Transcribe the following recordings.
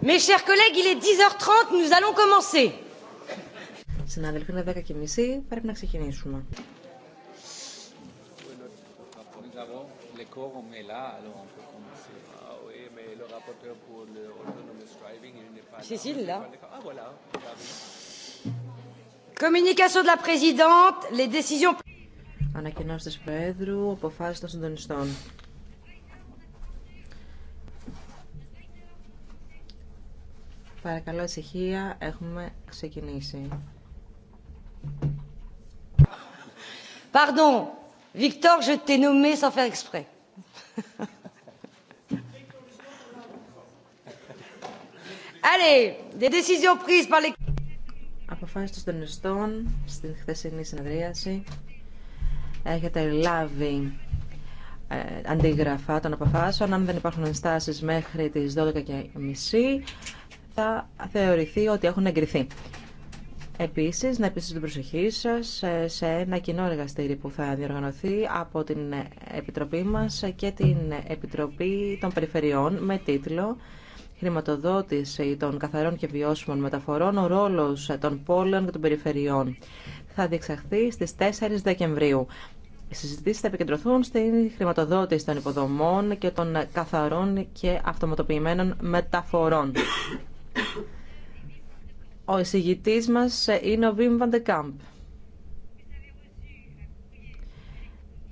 Mes chers collègues, il est 10h30, nous allons commencer. Συνάδελφοι, είναι 10 και μισή, πρέπει να ξεκινήσουμε. Cécile, là. Communication de la présidente, les décisions... Ανακοινώσεις της Προέδρου, αποφάσεις Παρακαλώ ησυχία, έχουμε ξεκινήσει. Pardon, Victor, je t'ai nommé sans faire exprès. Allez, des décisions prises par les... Αποφάσεις των συντονιστών στην χθεσινή συνεδρίαση. Έχετε λάβει ε, αντίγραφα των αποφάσεων. Αν δεν υπάρχουν ενστάσεις μέχρι τις 12.30 θα θεωρηθεί ότι έχουν εγκριθεί. Επίση, να επίση την προσοχή σα σε ένα κοινό εργαστήρι που θα διοργανωθεί από την Επιτροπή μα και την Επιτροπή των Περιφερειών με τίτλο «Χρηματοδότηση των καθαρών και βιώσιμων μεταφορών, ο ρόλος των πόλεων και των περιφερειών». Θα διεξαχθεί στι 4 Δεκεμβρίου. Οι συζητήσει θα επικεντρωθούν στην χρηματοδότηση των υποδομών και των καθαρών και αυτοματοποιημένων μεταφορών. Ο εισηγητής μας είναι ο Βίμ Βαντεκάμπ.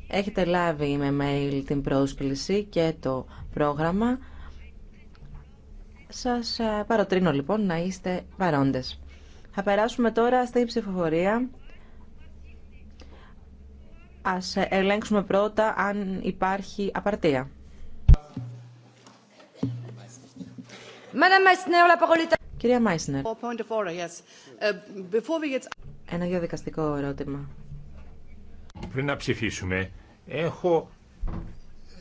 Έχετε λάβει με mail την πρόσκληση και το πρόγραμμα. Σας ε, παροτρύνω λοιπόν να είστε παρόντες. Θα περάσουμε τώρα στη ψηφοφορία. Ας ελέγξουμε πρώτα αν υπάρχει απαρτία. Κυρία Μάισνερ. Uh, Ένα διαδικαστικό ερώτημα. Πριν να ψηφίσουμε, έχω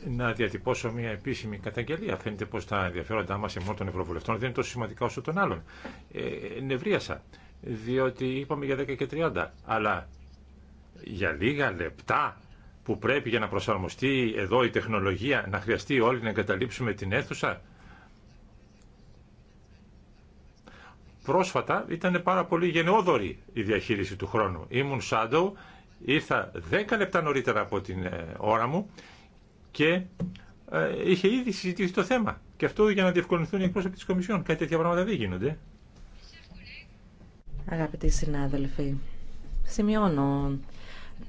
να διατυπώσω μια επίσημη καταγγελία. Φαίνεται πω τα ενδιαφέροντά μα μόνο των Ευρωβουλευτών δεν είναι τόσο σημαντικά όσο των άλλων. Ε, νευρίασα, διότι είπαμε για 10 και 30, αλλά για λίγα λεπτά που πρέπει για να προσαρμοστεί εδώ η τεχνολογία να χρειαστεί όλοι να εγκαταλείψουμε την αίθουσα. πρόσφατα ήταν πάρα πολύ γενναιόδορη η διαχείριση του χρόνου. Ήμουν Σάντο, ήρθα 10 λεπτά νωρίτερα από την ε, ώρα μου και ε, είχε ήδη συζητήσει το θέμα. Και αυτό για να διευκολυνθούν οι εκπρόσωποι τη Κομισιόν. Κάτι τέτοια πράγματα δεν γίνονται. Αγαπητοί συνάδελφοι, σημειώνω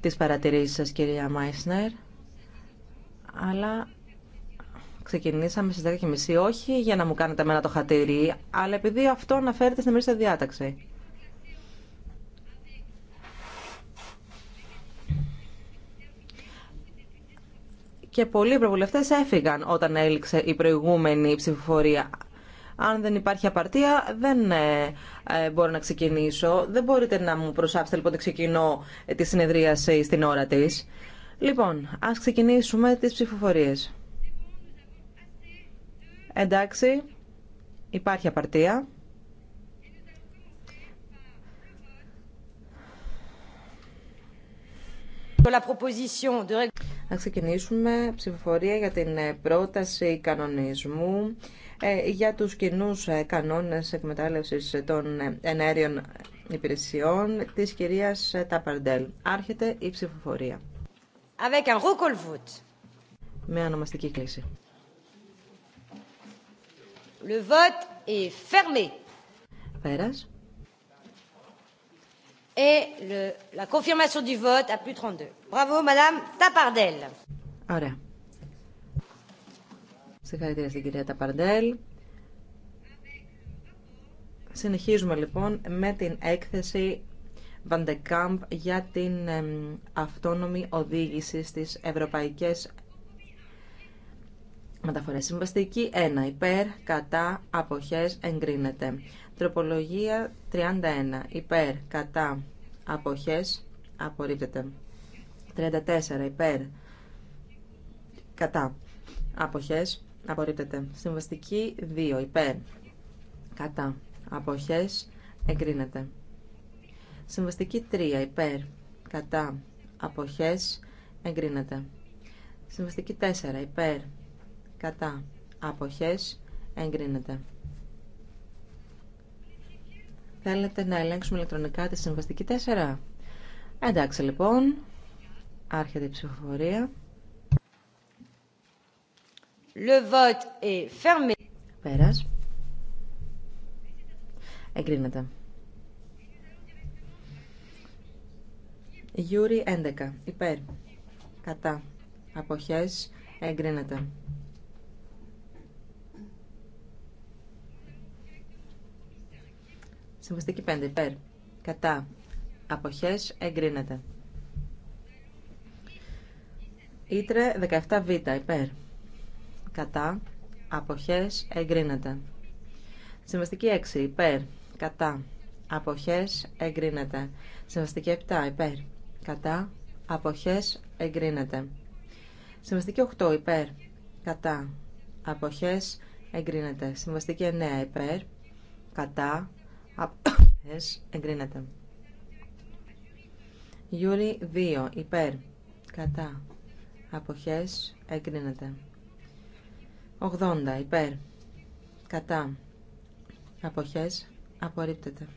τις παρατηρήσεις σας κυρία Μάισνερ, αλλά ξεκινήσαμε στι 10.30 όχι για να μου κάνετε εμένα το χατήρι, αλλά επειδή αυτό αναφέρεται στην εμείς διάταξη. Και πολλοί προβουλευτέ έφυγαν όταν έληξε η προηγούμενη ψηφοφορία. Αν δεν υπάρχει απαρτία, δεν ε, ε, μπορώ να ξεκινήσω. Δεν μπορείτε να μου προσάψετε λοιπόν ότι ξεκινώ ε, τη συνεδρίαση στην ώρα της. Λοιπόν, ας ξεκινήσουμε τις ψηφοφορίες. Εντάξει, υπάρχει απαρτία. Να ξεκινήσουμε ψηφοφορία για την ε, πρόταση κανονισμού ε, για τους κοινού ε, κανόνες εκμετάλλευσης των ενέργειων υπηρεσιών της κυρίας Ταπαρντέλ. Άρχεται η ψηφοφορία. Με ανομαστική κλίση. Le vote est fermé. Pérez. Et le, la confirmation du vote à plus 32. Bravo, Madame Tapardel. Ωραία. Συγχαρητήρια στην κυρία Ταπαρντέλ. Συνεχίζουμε λοιπόν με την έκθεση Βαντεκάμπ για την αυτόνομη οδήγηση στις ευρωπαϊκές Μεταφορέ. συμβαστική 1. Υπέρ, κατά, αποχές, εγκρίνεται. Τροπολογία 31. Υπέρ, κατά, αποχές, απορρίπτεται. 34. Υπέρ, κατά, αποχές, απορρίπτεται. Συμβαστική 2. Υπέρ, κατά, αποχές, εγκρίνεται. Συμβαστική 3. Υπέρ, κατά, αποχές, εγκρίνεται. Συμβαστική 4. Υπέρ, κατά αποχές εγκρίνεται. Θέλετε να ελέγξουμε ηλεκτρονικά τη συμβαστική 4. Εντάξει λοιπόν, άρχεται η ψηφοφορία. Le vote est Πέρας. Εγκρίνεται. Γιούρι 11. Υπέρ. Κατά. Αποχές. Εγκρίνεται. Συμβαστική 5 υπέρ. Κατά. Αποχές εγκρίνεται. Ήτρε 17β υπέρ. Κατά. Αποχές εγκρίνεται. Συμβαστική 6 υπέρ. Κατά. Αποχές εγκρίνεται. Συμβαστική 7 υπέρ. Κατά. Αποχές εγκρίνεται. Συμβαστική 8 υπέρ. Κατά. Αποχές εγκρίνεται. Συμβαστική 9 υπέρ. Κατά. Αποχές εγκρίνεται. Γιούρι 2. Υπέρ. Κατά. Αποχές εγκρίνεται. 80. Υπέρ. Κατά. Αποχές απορρίπτεται.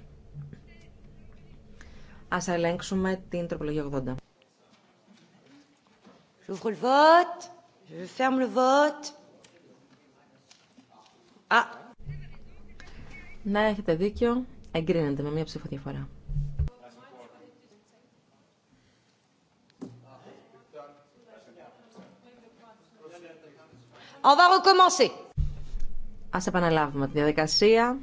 Ας ελέγξουμε την τροπολογία 80. J'ouvre le vote. Je ferme le Ναι, έχετε δίκιο. Εγκρίνεται με μία ψηφοδιαφορά. Α Ας επαναλάβουμε τη διαδικασία.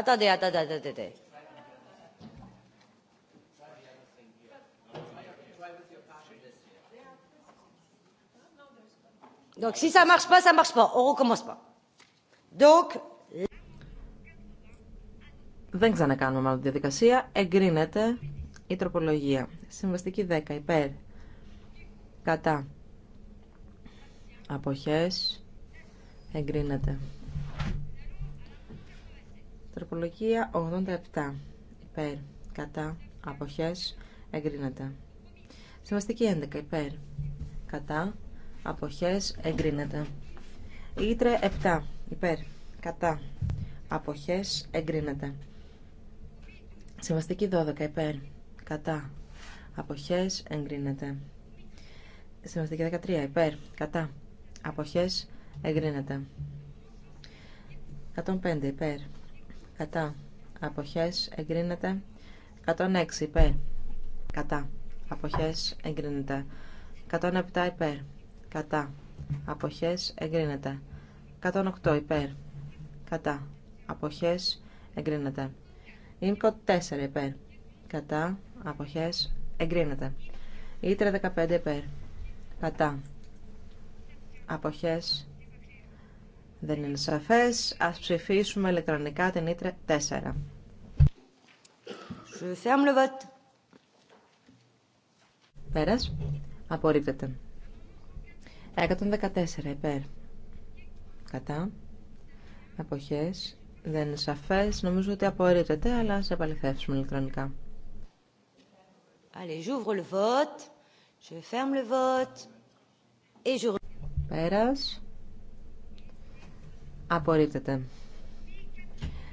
Attendez, attendez, attendez. Donc si ça marche Δεν ξανακάνουμε μάλλον τη διαδικασία. Εγκρίνεται η τροπολογία. Συμβαστική 10 υπέρ. Κατά. Αποχές. Εγκρίνεται. Τροπολογία 87 υπέρ. Κατά. Αποχές. Εγκρίνεται. Συμβαστική 11 υπέρ. Κατά αποχές εγκρίνεται. Ήτρε 7 υπέρ κατά αποχές εγκρίνεται. Συμβαστική 12 υπέρ κατά αποχές εγκρίνεται. Συμβαστική 13 υπέρ κατά αποχές εγκρίνεται. 105 υπέρ κατά αποχές εγκρίνεται. 106 υπέρ κατά αποχές εγκρίνεται. 107 υπέρ κατά αποχές εγκρίνεται 108 υπέρ κατά αποχές εγκρίνεται Ίνκο 4 υπέρ κατά αποχές εγκρίνεται Ήτρε 15 υπέρ κατά αποχές δεν είναι σαφές ας ψηφίσουμε ηλεκτρονικά την Ήτρε 4 Je Πέρας. Απορρίπτεται. 114 υπέρ. Κατά. Αποχές. Δεν είναι σαφές. Νομίζω ότι απορρίπτεται, αλλά ας επαληθεύσουμε ηλεκτρονικά. Allez, j'ouvre le vote. Je ferme le vote. Et je... Πέρας. Απορρίπτεται.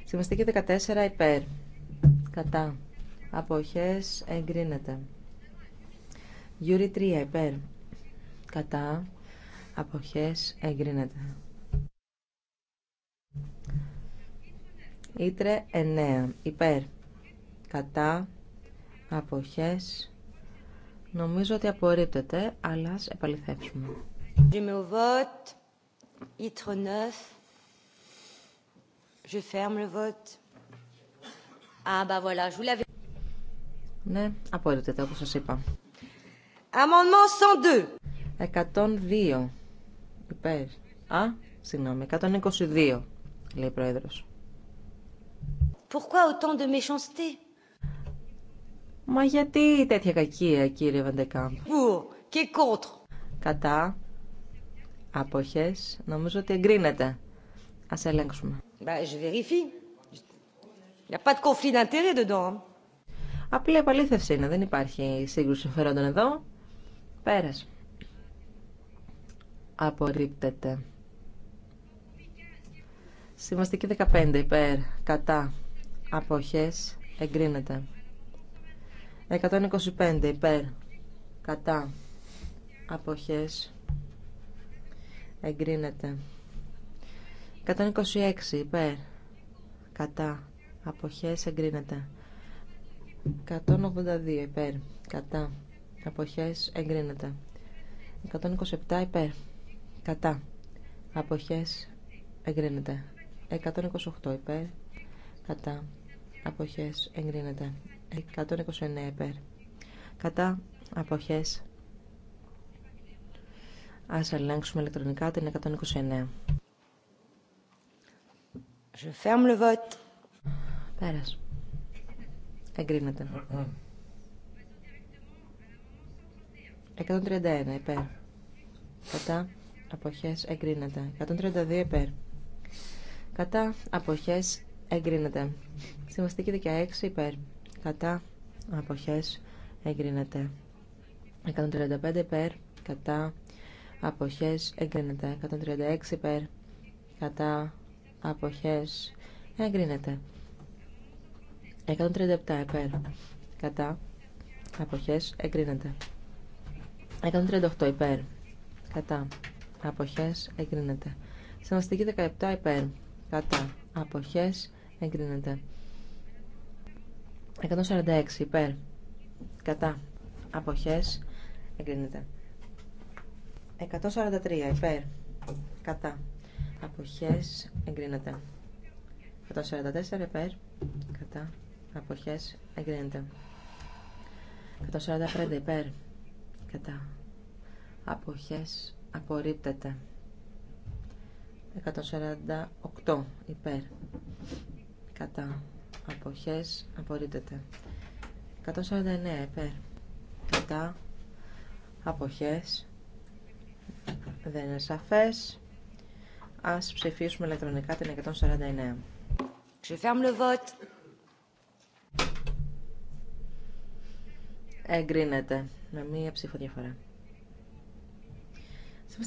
Συμβαστική 14 υπέρ. Κατά. Αποχές εγκρίνεται. Γιούρι 3 υπέρ. Κατά αποχές εγκρίνεται. Ήτρε 9. Υπέρ. Κατά. Αποχές. Νομίζω ότι απορρίπτεται, αλλά ας επαληθεύσουμε. J'aimais au vote. Ήτρε 9. Je ferme le vote. Ah, bah voilà, je vous l'avais... Ναι, απορρίπτεται, όπως σας είπα. Amendement 102. 102. Υπέρ. Α, συγγνώμη, 122, λέει ο πρόεδρο. Pourquoi autant de méchanceté? Μα γιατί τέτοια κακία, κύριε Βαντεκάμπ. και Κατά. απόχε. Νομίζω ότι εγκρίνεται. Α ελέγξουμε. Bah, je vérifie. Il a pas de conflit d'intérêt dedans. Απλή επαλήθευση είναι. Δεν υπάρχει σύγκρουση συμφερόντων εδώ. Πέρασε απορρίπτεται. Συμβαστική 15 υπέρ, κατά, αποχές, εγκρίνεται. 125 υπέρ, κατά, αποχές, εγκρίνεται. 126 υπέρ, κατά, αποχές, εγκρίνεται. 182 υπέρ, κατά, αποχές, εγκρίνεται. 127 υπέρ, κατά αποχές εγκρίνεται 128 υπέρ κατά αποχές εγκρίνεται 129 υπέρ κατά αποχές ας ελέγξουμε ηλεκτρονικά την 129 Je ferme le vote. Πέρας. Εγκρίνεται. 131 υπέρ. Κατά αποχές εγκρίνεται. 132 υπέρ. Κατά αποχές εγκρίνεται. Συμβαστική 16 υπέρ. Κατά αποχές εγκρίνεται. 135 υπέρ. Κατά αποχές εγκρίνεται. 136 υπέρ. Κατά αποχές εγκρίνεται. 137 υπέρ. Κατά αποχές εγκρίνεται. 138 υπέρ. Κατά αποχές εγκρίνεται. Συμβαστική 17 υπέρ, κατά, αποχές εγκρίνεται. 146 υπέρ, κατά, αποχές εγκρίνεται. 143 υπέρ, κατά, αποχές εγκρίνεται. 144 υπέρ, κατά, αποχές εγκρίνεται. 145 υπέρ, κατά, αποχές απορρίπτεται 148 υπέρ κατά αποχές απορρίπτεται 149 υπέρ κατά αποχές δεν είναι σαφές ας ψηφίσουμε ηλεκτρονικά την 149 Je le vote. Εγκρίνεται με μία ψηφοδιαφορά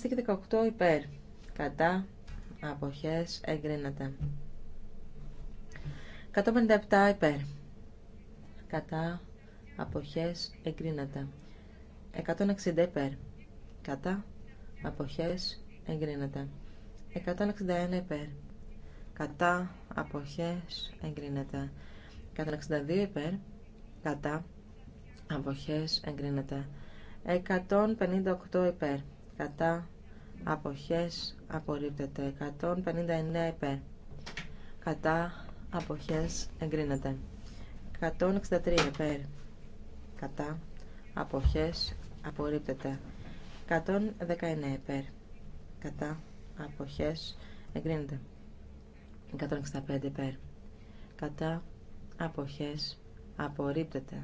και 18 υπέρ. Κατά. Αποχές εγκρίνεται. 157 υπέρ. Κατά. Αποχές εγκρίνεται. 160 υπέρ. Κατά. Αποχές εγκρίνεται. 161 υπέρ. Κατά. Αποχές εγκρίνεται. 162 υπέρ. Κατά. Αποχές εγκρίνεται. 158 υπέρ κατά αποχές απορρίπτεται 159 υπέρ κατά αποχές εγκρίνεται 163 υπέρ κατά αποχές απορρίπτεται 119 υπέρ κατά αποχές εγκρίνεται 165 υπέρ κατά αποχές απορρίπτεται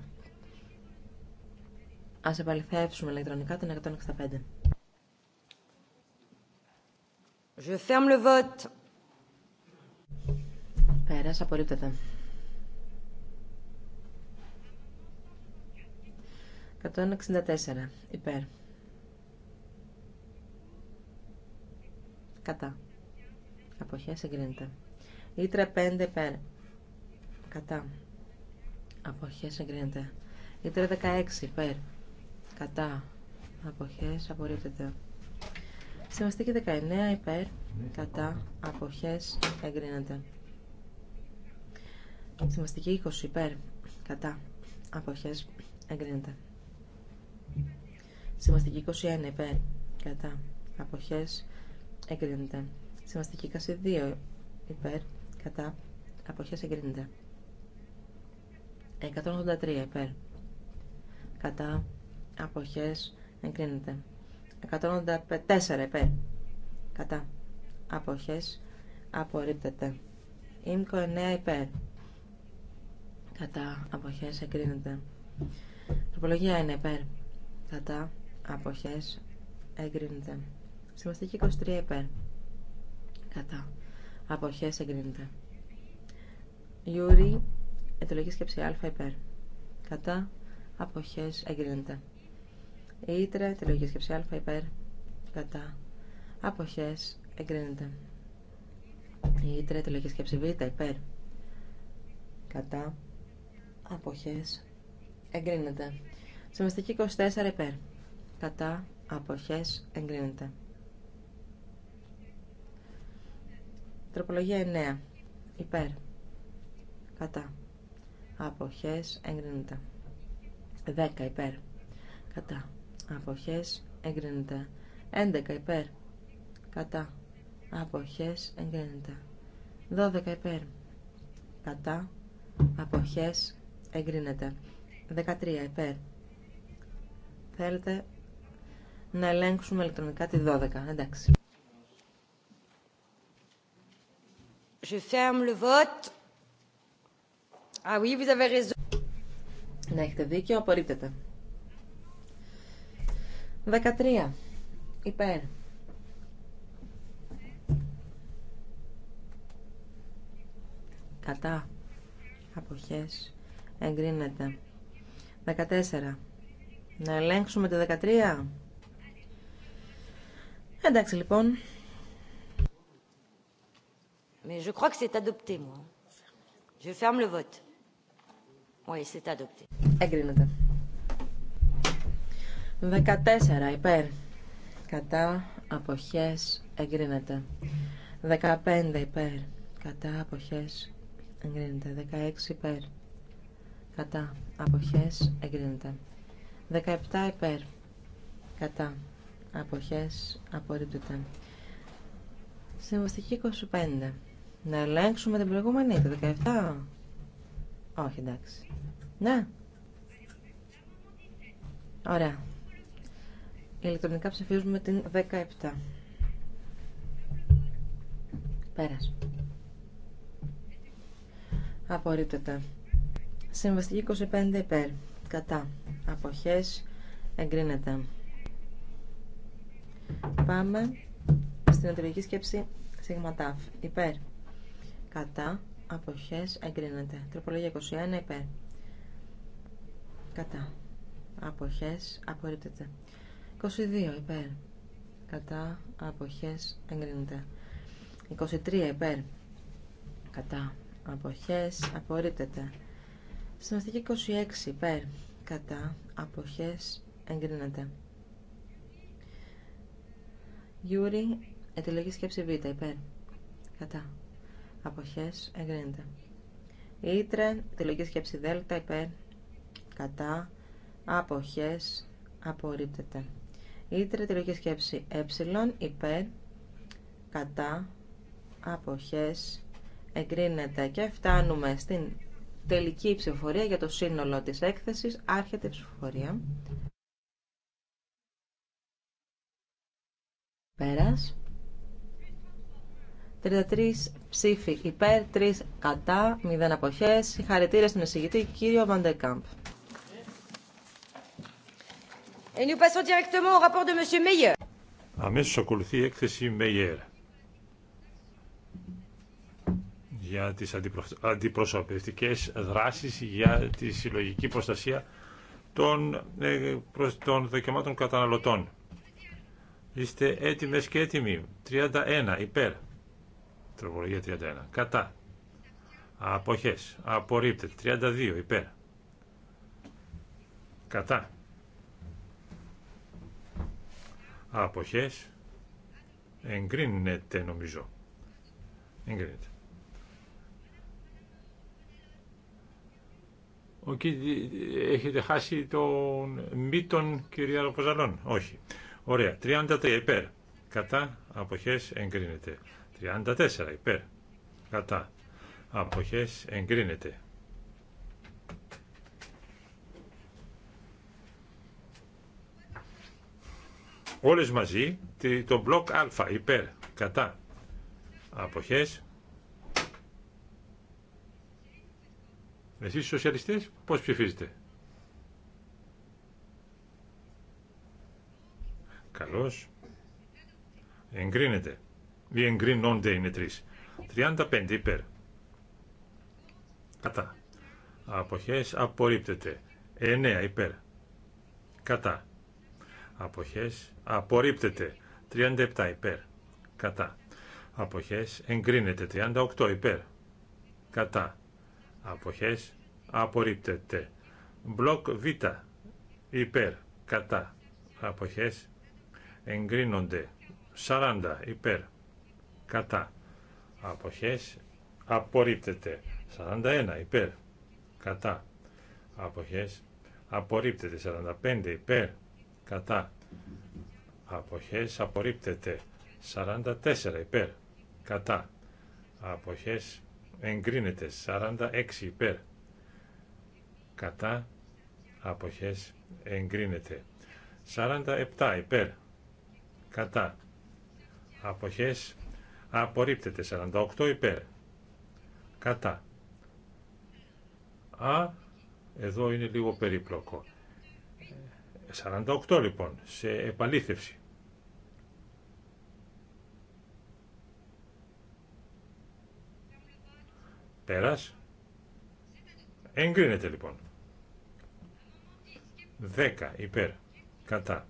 Ας επαληθεύσουμε ηλεκτρονικά την 165 Je ferme le vote. απορρίπτεται. 164. Υπέρ. Κατά. Αποχέ εγκρίνεται. Ήτρα 5 υπέρ. Κατά. Αποχέ εγκρίνεται. Ήτρα 16 υπέρ. Κατά. αποχέ απορρίπτεται. Συμβαστική 19 υπέρ κατά αποχές εγκρίνεται. Συμβαστική 20 υπέρ κατά αποχές εγκρίνεται. Συμαστική 21 υπέρ κατά αποχές εγκρίνεται. και 22 υπέρ κατά αποχές εγκρίνεται. 183 υπέρ κατά αποχές εγκρίνεται. 184 υπέρ. Κατά. Αποχές. Απορρίπτεται. Ήμκο 9 υπέρ. Κατά. Αποχές. Εγκρίνεται. Τροπολογία είναι υπέρ. Κατά. Αποχές. Εγκρίνεται. Συμβαστική 23 υπέρ. Κατά. Αποχές. Εγκρίνεται. Γιούρι. Ετολογική σκέψη α υπέρ. Κατά. Αποχές. Εγκρίνεται. Ήτρε, λογική σκέψη α, υπέρ, κατά. απόχέ, εγκρίνεται. Ήτρε, λογική σκέψη β, υπέρ, κατά. απόχέ. εγκρίνεται. Συμβαστική 24, υπέρ, κατά. απόχέ, εγκρίνεται. Τροπολογία 9, υπέρ, κατά. Αποχές, εγκρίνεται. 10, υπέρ, κατά αποχές εγκρίνεται 11 υπέρ κατά αποχές εγκρίνεται 12 υπέρ κατά αποχές εγκρίνεται 13 υπέρ θέλετε να ελέγξουμε ηλεκτρονικά τη 12 εντάξει Je ferme le vote. Ah oui, vous avez raison. Να έχετε δίκιο, απορρίπτεται. 13. Υπέρ. Κατά. Αποχές. Εγκρίνεται. 14. Να ελέγξουμε το 13. Εντάξει λοιπόν. Mais je crois que c'est adopté, moi. Je ferme le vote. Oui, c'est adopté. Εγκρίνεται. 14 υπέρ. Κατά αποχές εγκρίνεται. 15 υπέρ. Κατά αποχές εγκρίνεται. 16 υπέρ. Κατά αποχές εγκρίνεται. 17 υπέρ. Κατά αποχές απορρίπτεται. Συμβαστική 25. Να ελέγξουμε την προηγούμενη, το 17. Όχι, εντάξει. Ναι. Ωραία. Ηλεκτρονικά ψηφίζουμε την 17. Πέρας. Απορρίπτεται. Συμβαστική 25 υπέρ. Κατά. Αποχές. Εγκρίνεται. Πάμε στην οτροπική σκέψη σιγματάφ. Υπέρ. Κατά. Αποχές. Εγκρίνεται. Τροπολογία 21 υπέρ. Κατά. Αποχές. Απορρίπτεται. 22 υπέρ κατά αποχές εγκρίνεται 23 υπέρ κατά αποχές απορρίπτεται Συναστική 26 υπέρ κατά αποχές εγκρίνεται Γιούρι επιλογή σκέψη β υπέρ κατά αποχές εγκρίνεται Ήτρε ετελογή σκέψη δ υπέρ κατά αποχές απορρίπτεται η λογική σκέψη ε υπέρ κατά αποχές εγκρίνεται και φτάνουμε στην τελική ψηφοφορία για το σύνολο της έκθεσης. Άρχεται η ψηφοφορία. Πέρας. 33 ψήφοι υπέρ, 3 κατά, 0 αποχές. Συγχαρητήρια στον εισηγητή κύριο Βαντεκάμπ. Et nous passons directement au rapport Αμέσως ακολουθεί η έκθεση Meyer για τις αντιπροσωπευτικές δράσεις για τη συλλογική προστασία των, ε, των καταναλωτών. Είστε έτοιμες και έτοιμοι. 31 υπέρ. Τροπολογία 31. Κατά. Αποχές. Απορρίπτεται. 32 υπέρ. Κατά. αποχές εγκρίνεται νομίζω εγκρίνεται Ο, έχετε χάσει τον μη των κυρία Ροποζαλών. Όχι. Ωραία. 33 υπέρ. Κατά αποχές εγκρίνεται. 34 υπέρ. Κατά αποχές εγκρίνεται. όλες μαζί το μπλοκ α υπέρ κατά αποχές εσείς σοσιαλιστές πως ψηφίζετε καλώς εγκρίνεται ή εγκρίνονται είναι τρεις 35 υπέρ κατά αποχές απορρίπτεται 9 υπέρ κατά αποχές απορρίπτεται 37 υπέρ κατά αποχές εγκρίνεται 38 υπέρ κατά αποχές απορρίπτεται μπλοκ β υπέρ κατά αποχές εγκρίνονται 40 υπέρ κατά αποχές απορρίπτεται 41 υπέρ κατά αποχές απορρίπτεται 45 υπέρ κατά αποχές απορρίπτεται 44 υπέρ κατά αποχές εγκρίνεται 46 υπέρ κατά αποχές εγκρίνεται 47 υπέρ κατά αποχές απορρίπτεται 48 υπέρ κατά α εδώ είναι λίγο περίπλοκο 48 λοιπόν, σε επαλήθευση. Πέρας. Εγκρίνεται λοιπόν. 10 υπέρ. Κατά.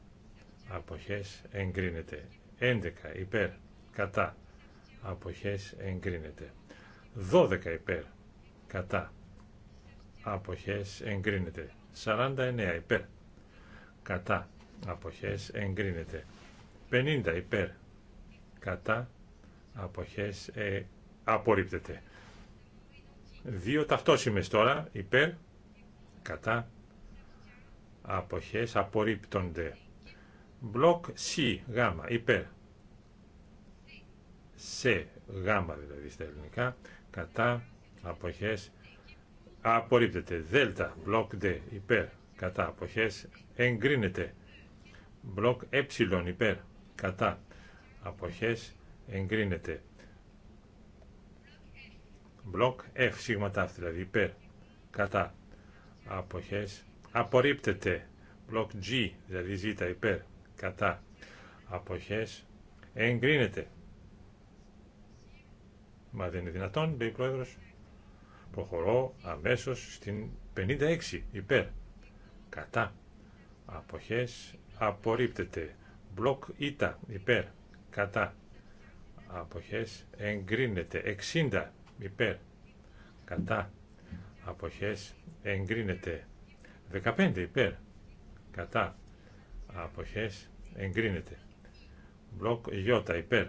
Αποχές εγκρίνεται. 11 υπέρ. Κατά. Αποχές εγκρίνεται. 12 υπέρ. Κατά. Αποχές εγκρίνεται. 49 υπέρ κατά αποχές εγκρίνεται 50 υπέρ κατά αποχές ε, απορρίπτεται δύο ταυτόσημες τώρα υπέρ κατά αποχές απορρίπτονται μπλοκ C γάμα υπέρ σε γάμα δηλαδή στα ελληνικά κατά αποχές απορρίπτεται δέλτα μπλοκ Δ υπέρ κατά αποχές εγκρίνεται. Μπλοκ ε υπέρ κατά αποχές εγκρίνεται. Μπλοκ F ε, σίγμα τάφ δηλαδή υπέρ κατά αποχές απορρίπτεται. Μπλοκ G δηλαδή ζ υπέρ κατά αποχές εγκρίνεται. Μα δεν είναι δυνατόν, λέει ο Πρόεδρος. Προχωρώ αμέσως στην 56 υπέρ κατά αποχές απορρίπτεται μπλοκ ήτα υπέρ κατά αποχές εγκρίνεται 60 υπέρ κατά αποχές εγκρίνεται 15 υπέρ κατά αποχές εγκρίνεται μπλοκ Ι υπέρ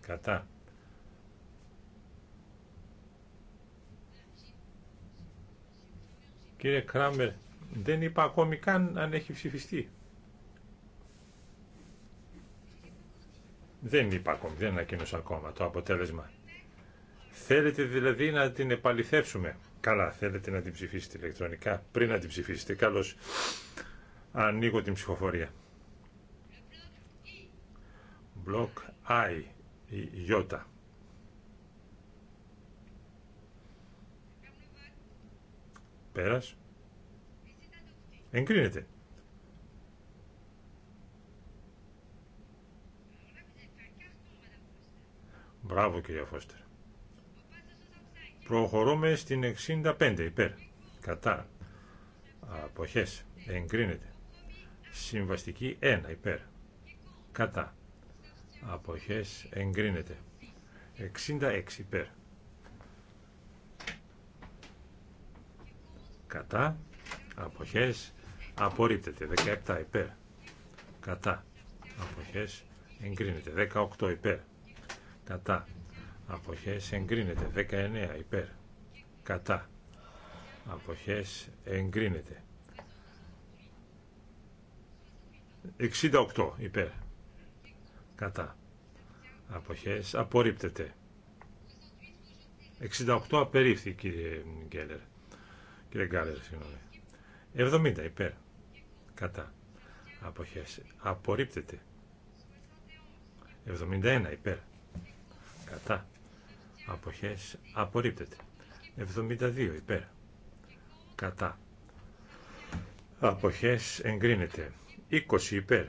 κατά Κύριε Κράμερ, δεν είπα ακόμη καν αν έχει ψηφιστεί. Δεν είπα ακόμη, δεν ανακοίνωσα ακόμα το αποτέλεσμα. Θέλετε δηλαδή να την επαληθεύσουμε. Καλά, θέλετε να την ψηφίσετε ηλεκτρονικά πριν να την ψηφίσετε. Καλώς ανοίγω την ψηφοφορία. Block I, η Ι. Πέρας. Εγκρίνεται. Μπράβο κυρία Φώστερ. Προχωρούμε στην 65 υπέρ. Κατά. Αποχές. Εγκρίνεται. Συμβαστική 1 υπέρ. Κατά. Αποχές. Εγκρίνεται. 66 υπέρ. Κατά. Αποχές απορρίπτεται. 17 υπέρ κατά αποχές εγκρίνεται. 18 υπέρ κατά αποχές εγκρίνεται. 19 υπέρ κατά αποχές εγκρίνεται. 68 υπέρ κατά αποχές απορρίπτεται. 68 απερίφθη κύριε Γκέλλερ. Κύριε Γκάλερ, συγγνώμη. 70 υπέρ κατά αποχές απορρίπτεται 71 υπέρ κατά αποχές απορρίπτεται 72 υπέρ κατά αποχές εγκρίνεται 20 υπέρ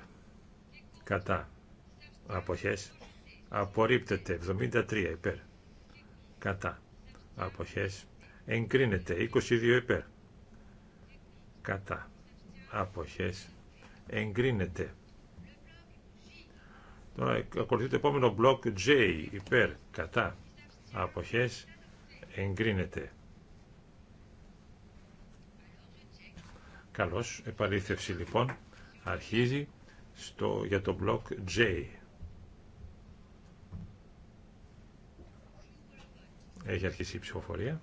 κατά αποχές απορρίπτεται 73 υπέρ κατά αποχές εγκρίνεται 22 υπέρ κατά αποχές εγκρίνεται. Τώρα ακολουθεί το επόμενο μπλοκ J υπέρ κατά αποχές εγκρίνεται. Καλώς, επαλήθευση λοιπόν αρχίζει στο, για το μπλοκ J. Έχει αρχίσει η ψηφοφορία.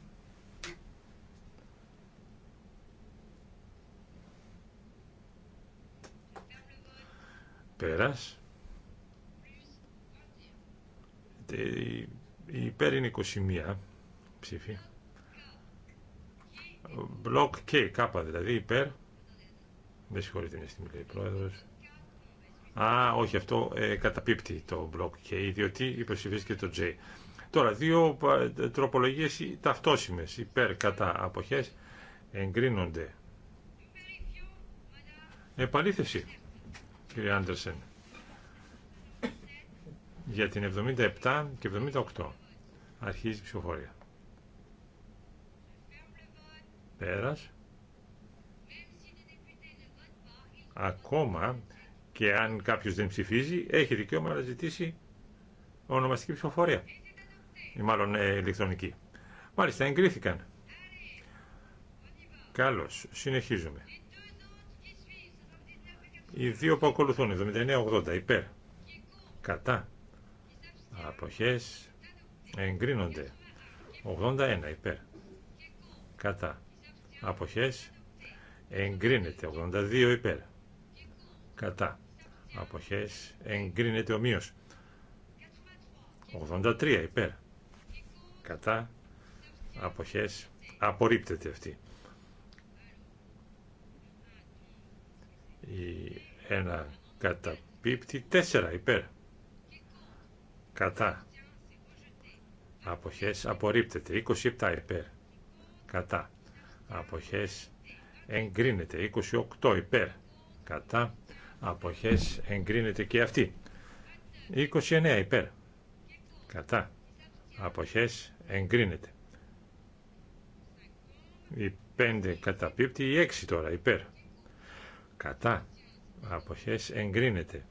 Πέρας. Ε, η υπέρ είναι 21 ψήφι. Μπλοκ K, κάπα δηλαδή, υπέρ. Με συγχωρείτε μια στιγμή, λέει πρόεδρος. Α, όχι, αυτό ε, καταπίπτει το μπλοκ K, διότι και το J. Τώρα, δύο ε, τροπολογίες ταυτόσιμες, υπέρ κατά αποχές, εγκρίνονται. Επαλήθευση κύριε Άντερσεν, για την 77 και 78. Αρχίζει η ψηφοφορία. Πέρας. Ακόμα και αν κάποιος δεν ψηφίζει, έχει δικαίωμα να ζητήσει ονομαστική ψηφοφορία. Ή μάλλον ε, ηλεκτρονική. Μάλιστα, εγκρίθηκαν. Καλώς, συνεχίζουμε. Οι δύο που ακολουθούν, 79-80, υπέρ. Κατά. Αποχές εγκρίνονται. 81 υπέρ. Κατά. Αποχές εγκρίνεται. 82 υπέρ. Κατά. Αποχές εγκρίνεται ομοίως. 83 υπέρ. Κατά. Αποχές απορρίπτεται αυτή. Η ένα καταπίπτει 4 υπέρ κατά αποχές απορρίπτεται 27 υπέρ κατά αποχές εγκρίνεται 28 υπέρ κατά αποχές εγκρίνεται και αυτή 29 υπέρ κατά αποχές εγκρίνεται η 5 καταπίπτει η 6 τώρα υπέρ κατά αποχές εγκρίνεται.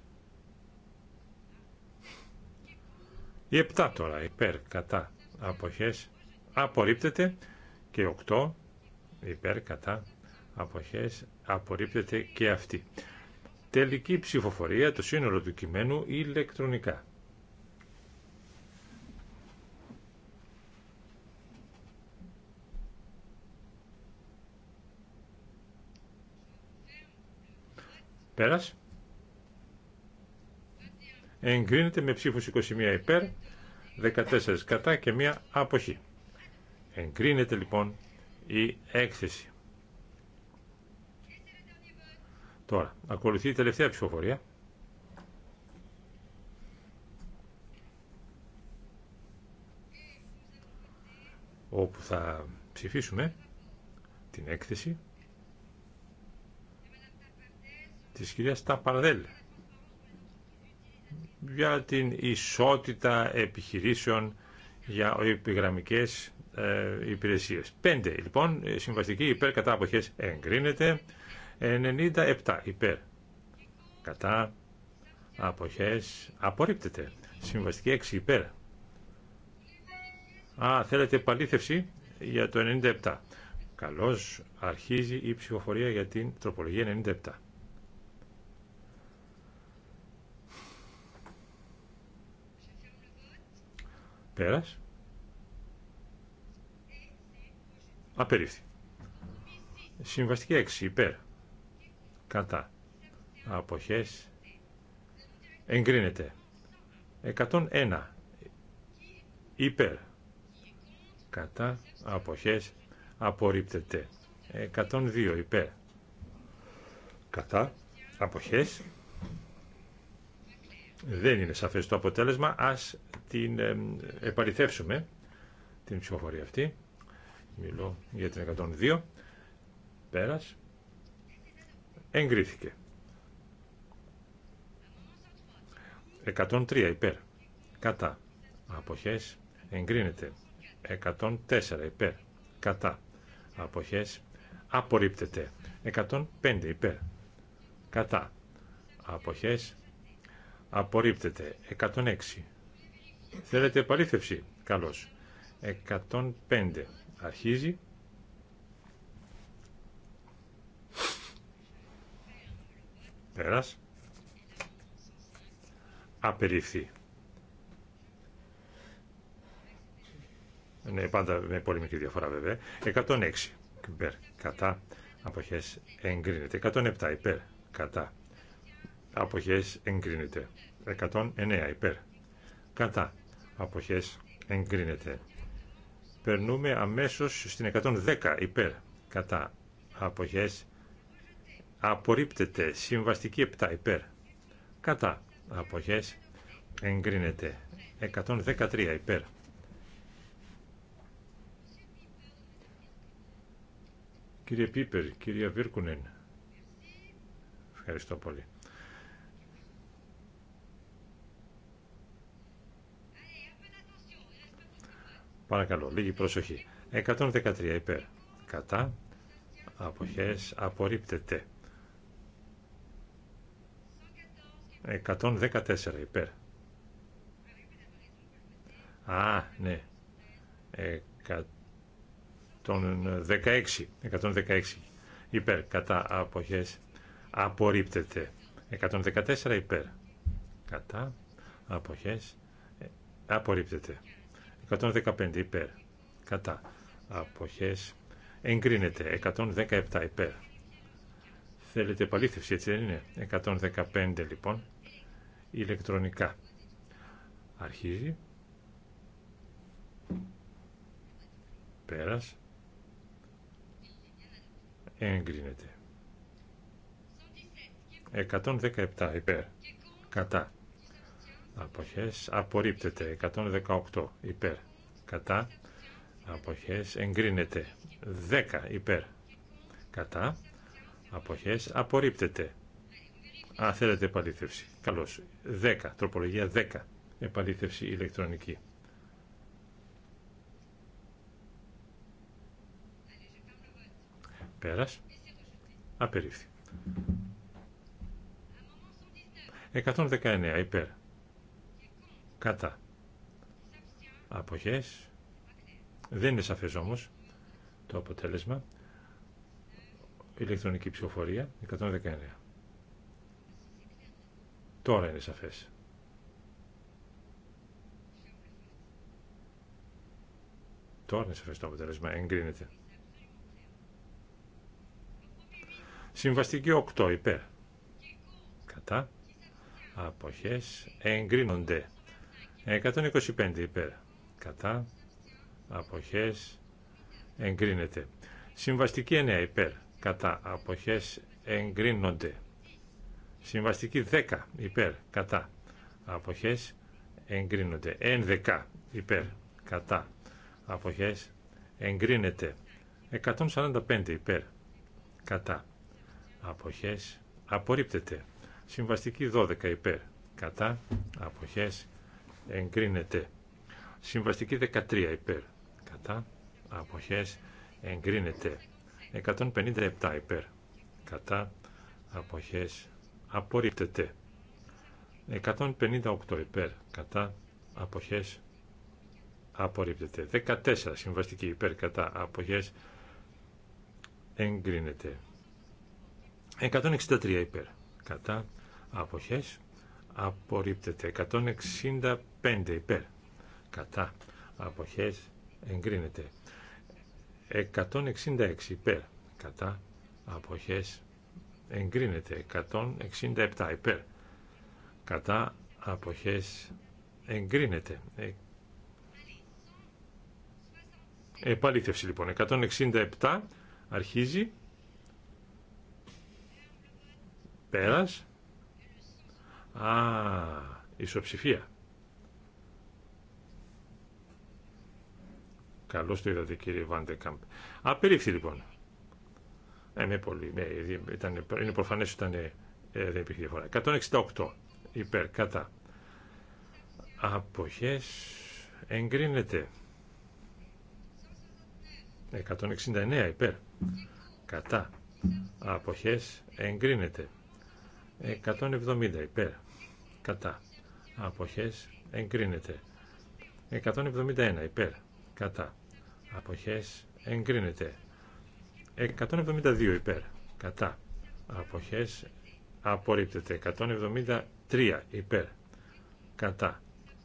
Η 7 τώρα υπέρ κατά αποχές απορρίπτεται και 8 υπέρ κατά αποχές απορρίπτεται και αυτή. Τελική ψηφοφορία, το σύνολο του κειμένου ηλεκτρονικά. Πέρας. Εγκρίνεται με ψήφους 21 υπέρ, 14 κατά και μία αποχή. Εγκρίνεται λοιπόν η έκθεση. Τώρα, ακολουθεί η τελευταία ψηφοφορία. όπου θα ψηφίσουμε την έκθεση της κυρίας Ταπαρδέλ για την ισότητα επιχειρήσεων για επιγραμμικές ε, υπηρεσίες. 5 λοιπόν, ε, συμβαστική υπέρ κατά αποχές εγκρίνεται, 97 υπέρ κατά αποχές απορρίπτεται, συμβαστική 6 υπέρ. Α, θέλετε παλήθευση για το 97. Καλώς αρχίζει η ψηφοφορία για την τροπολογία 97. Πέρας. Απερίφθη. Συμβαστική έξι, υπέρ. Κατά. Αποχές. Εγκρίνεται. 101 υπέρ. Κατά. Αποχές. Απορρίπτεται. 102 υπέρ. Κατά. Αποχές. Δεν είναι σαφές το αποτέλεσμα. Ας την επαληθεύσουμε την ψηφοφορία αυτή. Μιλώ για την 102. Πέρας. Εγκρίθηκε. 103 υπέρ. Κατά. Αποχές. Εγκρίνεται. 104 υπέρ. Κατά. Αποχές. Απορρίπτεται. 105 υπέρ. Κατά. Αποχές Απορρίπτεται. 106. Θέλετε επαλήθευση. Καλώς. 105. Αρχίζει. Πέρας. Απεριφθεί. Ναι, πάντα με πολύ μικρή διαφορά βέβαια. 106 υπέρ, κατά, αποχές εγκρίνεται. 107 υπέρ, κατά, αποχές εγκρίνεται. 109 υπέρ. Κατά αποχές εγκρίνεται. Περνούμε αμέσως στην 110 υπέρ. Κατά αποχές απορρίπτεται. Συμβαστική 7 υπέρ. Κατά αποχές εγκρίνεται. 113 υπέρ. Κύριε Πίπερ, κύριε Βίρκουνεν, ευχαριστώ πολύ. Παρακαλώ, λίγη προσοχή. 113 υπέρ. Κατά. Αποχές απορρίπτεται. 114 υπέρ. Α, ναι. 116. 116 υπέρ. Κατά. Αποχές απορρίπτεται. 114 υπέρ. Κατά. Αποχές απορρίπτεται. 115 υπέρ. Κατά. Αποχές. Εγκρίνεται. 117 υπέρ. Θέλετε επαλήθευση, έτσι δεν είναι. 115 λοιπόν. Ηλεκτρονικά. Αρχίζει. Πέρας. Εγκρίνεται. 117 υπέρ. Κατά αποχές απορρίπτεται 118 υπέρ κατά αποχές εγκρίνεται 10 υπέρ κατά αποχές απορρίπτεται αν θέλετε επαλήθευση. Καλώς. 10. Τροπολογία 10. Επαλήθευση ηλεκτρονική. Πέρας. Απερίφθη. 119. Υπέρ κατά αποχές δεν είναι σαφές όμως το αποτέλεσμα ηλεκτρονική ψηφοφορία 119 τώρα είναι σαφές τώρα είναι σαφές το αποτέλεσμα εγκρίνεται συμβαστική 8 υπέρ κατά αποχές εγκρίνονται 125 υπέρ. Κατά. Αποχές. Εγκρίνεται. Συμβαστική 9 υπέρ. Κατά. Αποχές. Εγκρίνονται. Συμβαστική 10 υπέρ. Κατά. Αποχές. Εγκρίνονται. 11 υπέρ. Κατά. Αποχές. Εγκρίνεται. 145 υπέρ. Κατά. Αποχές. Απορρίπτεται. Συμβαστική 12 υπέρ. Κατά. Αποχές εγκρίνεται. Συμβαστική 13 υπέρ. Κατά αποχές εγκρίνεται. 157 υπέρ. Κατά αποχές απορρίπτεται. 158 υπέρ. Κατά αποχές απορρίπτεται. 14 συμβαστική υπέρ. Κατά αποχές εγκρίνεται. 163 υπέρ. Κατά αποχές απορρίπτεται. 165 πέντε υπέρ. Κατά. Αποχές εγκρίνεται. 166 υπέρ. Κατά. Αποχές εγκρίνεται. 167 υπέρ. Κατά. Αποχές εγκρίνεται. Επαλήθευση λοιπόν. 167 αρχίζει. Πέρας. Α, ισοψηφία. Καλώ το είδατε κύριε Βάντεκαμπ. Απερίφθη λοιπόν. Ε, με πολύ, ε, ήταν, είναι προφανέ ότι ήταν, ε, δεν υπήρχε διαφορά. 168 υπέρ, κατά. Αποχέ εγκρίνεται. 169 υπέρ. Κατά. Αποχές εγκρίνεται. 170 υπέρ. Κατά. Αποχές εγκρίνεται. 171 υπέρ κατά αποχές εγκρίνεται 172 υπέρ κατά αποχές απορρίπτεται 173 υπέρ κατά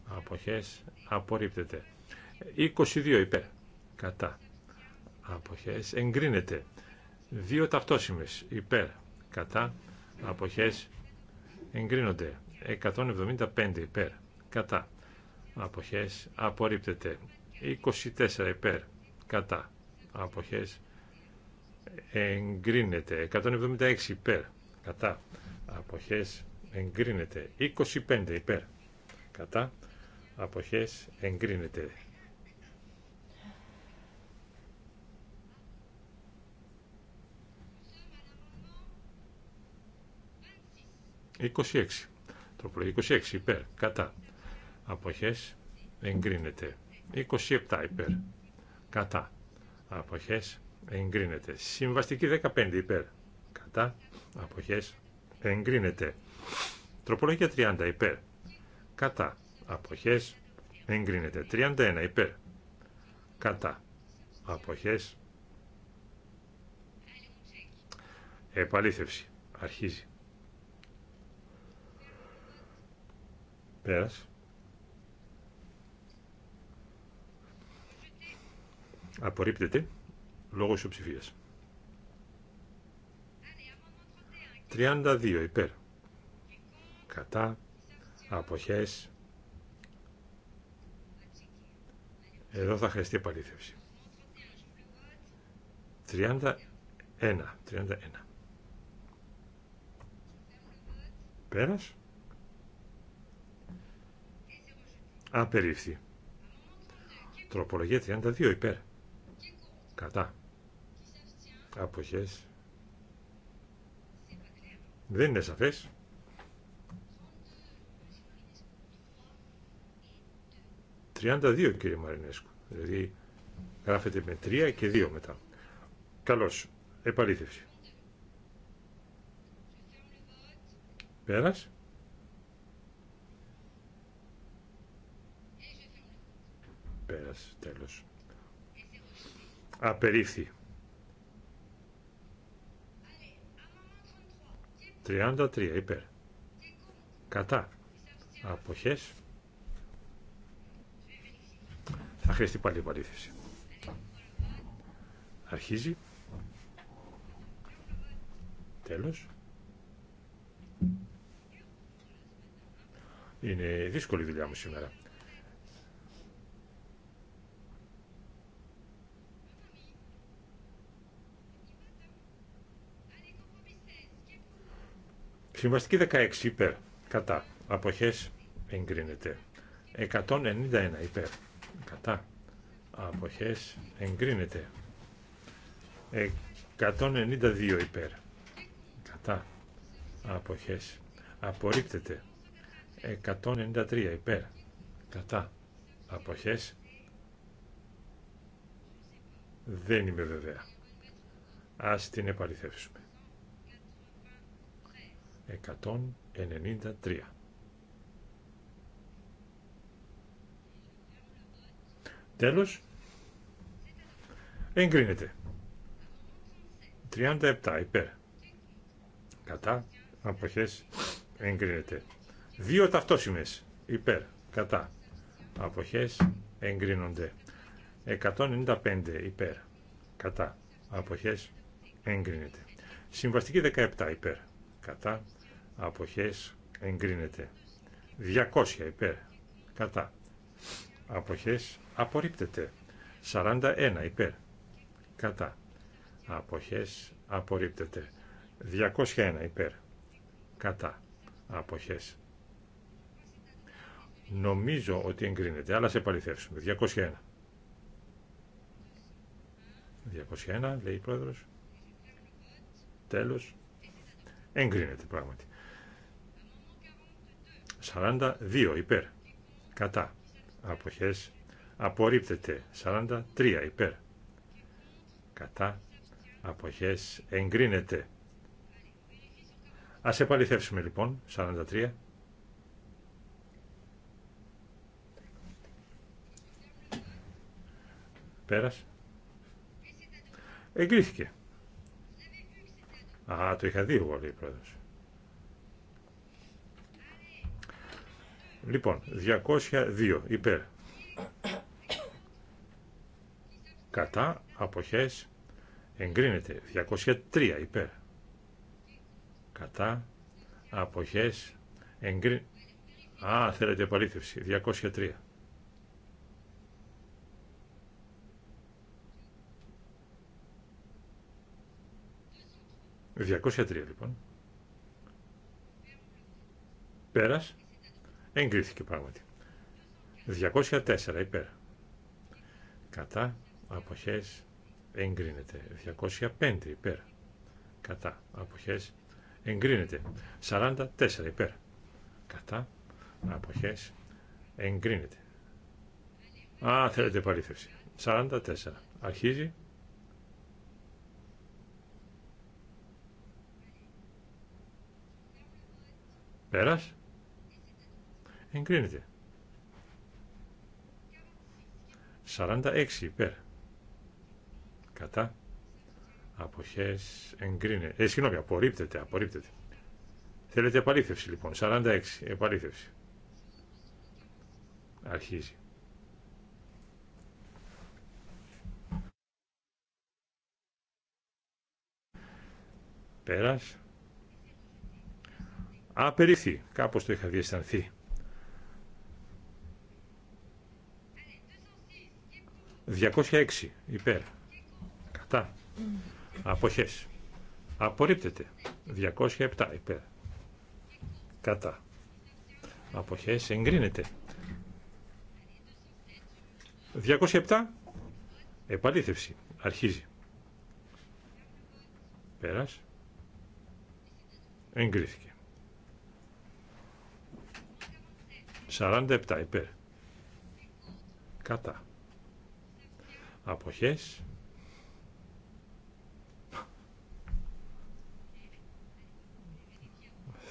αποχές απορρίπτεται 22 υπέρ κατά αποχές εγκρίνεται δύο ταυτόσημες υπέρ κατά αποχές εγκρίνονται 175 υπέρ κατά αποχές απορρίπτεται 24 υπέρ κατά αποχές εγκρίνεται 176 υπέρ κατά αποχές εγκρίνεται 25 υπέρ κατά αποχές εγκρίνεται Τροπολογία 26 υπέρ κατά αποχές εγκρίνεται 27 υπέρ. Κατά. Αποχές εγκρίνεται. Συμβαστική 15 υπέρ. Κατά. Αποχές εγκρίνεται. Τροπολογία 30 υπέρ. Κατά. Αποχές εγκρίνεται. 31 υπέρ. Κατά. Αποχές. Επαλήθευση. Αρχίζει. Πέρας. Απορρίπτεται λόγω ισοψηφίας. 32 υπέρ. Κατά. Αποχές. Εδώ θα χρειαστεί επαλήθευση. 31. 31. Πέρας. Απερίφθη. Τροπολογία 32 υπέρ. Αποχές. Δεν είναι σαφές. ...32 κύριε Μαρινέσκου. Δηλαδή γράφεται με 3 και 2 μετά. Καλώς. Επαλήθευση. Πέρας. Πέρας. Τέλος. Απερίφθη. 33 υπέρ. Κατά. Αποχές. Θα χρειαστεί πάλι η παρήθεση. Αρχίζει. Τέλος. Είναι δύσκολη δουλειά μου σήμερα. Συμβαστική 16 υπέρ. Κατά. Αποχές εγκρίνεται. 191 υπέρ. Κατά. Αποχές εγκρίνεται. 192 υπέρ. Κατά. Αποχές. Απορρίπτεται. 193 υπέρ. Κατά. Αποχές. Δεν είμαι βέβαια. Ας την επαληθεύσουμε. 193. Τέλος. Εγκρίνεται. 37 υπέρ. Κατά. Αποχές. Εγκρίνεται. Δύο ταυτόσημες υπέρ. Κατά. Αποχές. Εγκρίνονται. 195 υπέρ. Κατά. Αποχές. Εγκρίνεται. Συμβαστική 17 υπέρ κατά αποχές εγκρίνεται 200 υπέρ κατά αποχές απορρίπτεται 41 υπέρ κατά αποχές απορρίπτεται 201 υπέρ κατά αποχές νομίζω ότι εγκρίνεται αλλά σε παληθεύσουμε 201 201 λέει η πρόεδρος τέλος Εγκρίνεται πράγματι. 42 υπέρ. Κατά. Αποχές. Απορρίπτεται. 43 υπέρ. Κατά. Αποχές. Εγκρίνεται. Ας επαληθεύσουμε λοιπόν. 43. Πέρας. Εγκρίθηκε. Α, το είχα δει εγώ, λέει η Λοιπόν, 202 υπέρ. Κατά αποχές εγκρίνεται. 203 υπέρ. Κατά αποχές εγκρίνεται. Α, θέλετε επαλήθευση. 203. 203 λοιπόν. Πέρας. Εγκρίθηκε πράγματι. 204 υπέρ. Κατά αποχές εγκρίνεται. 205 υπέρ. Κατά αποχές εγκρίνεται. 44 υπέρ. Κατά αποχές εγκρίνεται. Α, θέλετε παρήθευση. 44. Αρχίζει. Πέρας. Εγκρίνεται. 46 υπέρ. Κατά. Αποχές εγκρίνεται. Ε, συγγνώμη, απορρίπτεται, απορρίπτεται. Θέλετε επαλήθευση λοιπόν. 46, επαλήθευση. Αρχίζει. Πέρας. Απερίφθη, κάπως το είχα διαισθανθεί. 206 υπέρ. Κατά. Αποχές. Απορρίπτεται. 207 υπέρ. Κατά. Αποχές εγκρίνεται. 207. Επαλήθευση. Αρχίζει. Πέρας. Εγκρίθηκε. 47 υπέρ. Κατά. Αποχές.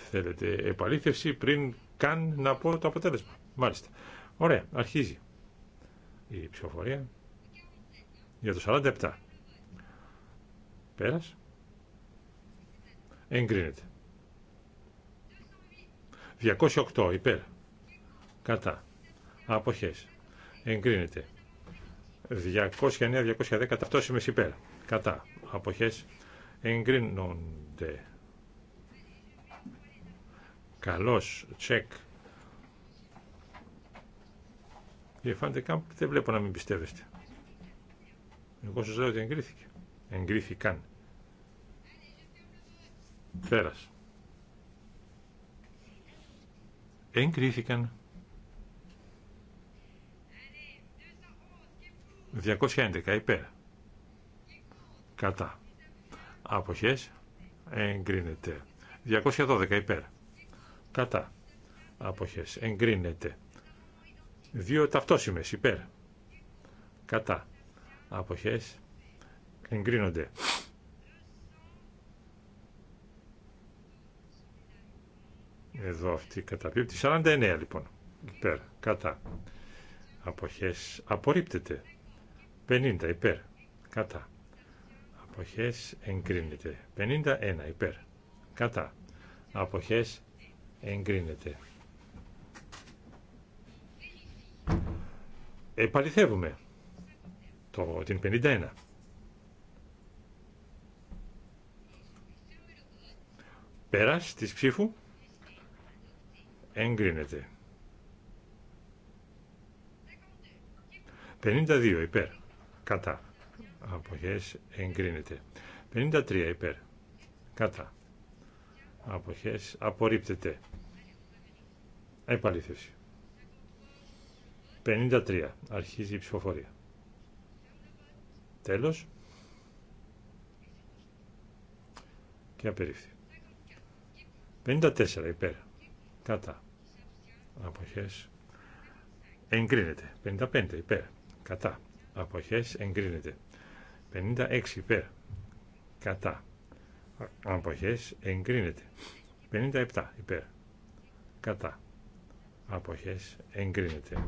Θέλετε επαλήθευση πριν καν να πω το αποτέλεσμα. Μάλιστα. Ωραία. Αρχίζει η ψηφοφορία για το 47. Πέρας. Εγκρίνεται. 208 υπέρ κατά αποχές εγκρίνεται 209-210 ταυτόσιμες υπέρ κατά αποχές εγκρίνονται καλός τσεκ Κύριε δεν βλέπω να μην πιστεύεστε. Εγώ σας λέω ότι εγκρίθηκε. Εγκρίθηκαν. Πέρας. Εγκρίθηκαν. 211 υπέρ. Κατά. Αποχές. Εγκρίνεται. 212 υπέρ. Κατά. Αποχές. Εγκρίνεται. Δύο ταυτόσημες υπέρ. Κατά. Αποχές. Εγκρίνονται. Εδώ αυτή καταπίπτει. 49 λοιπόν. Υπέρ. Κατά. Αποχές. Απορρίπτεται. 50 υπέρ. Κατά. Αποχές εγκρίνεται. 51 υπέρ. Κατά. Αποχές εγκρίνεται. Επαληθεύουμε το, την 51. Πέρας της ψήφου εγκρίνεται. 52 υπέρ κατά αποχές εγκρίνεται 53 υπέρ κατά αποχές απορρίπτεται επαλήθευση 53 αρχίζει η ψηφοφορία τέλος και απερίφθη 54 υπέρ κατά αποχές εγκρίνεται 55 υπέρ κατά αποχές εγκρίνεται 56 υπέρ κατά αποχές εγκρίνεται 57 υπέρ κατά αποχές εγκρίνεται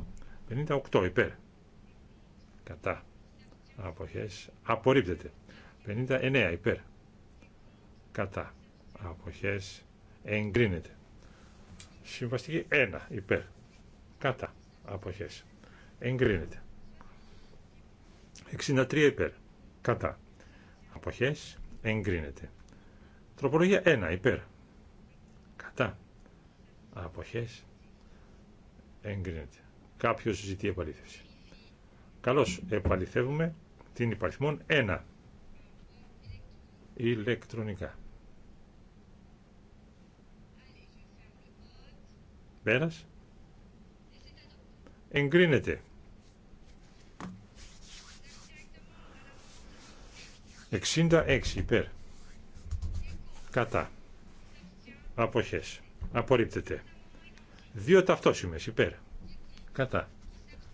58 υπέρ κατά αποχές απορρίπτεται 59 υπέρ κατά αποχές εγκρίνεται συμβαστική 1 υπέρ κατά αποχές εγκρίνεται 63 υπέρ. Κατά. Αποχές. Εγκρίνεται. Τροπολογία 1 υπέρ. Κατά. Αποχές. Εγκρίνεται. Κάποιος ζητεί επαλήθευση. Καλώς. Επαληθεύουμε την υπαριθμόν 1. Ηλεκτρονικά. Πέρας. Εγκρίνεται. 66 υπέρ. Κατά. Αποχές. Απορρίπτεται. Δύο ταυτόσημες υπέρ. Κατά.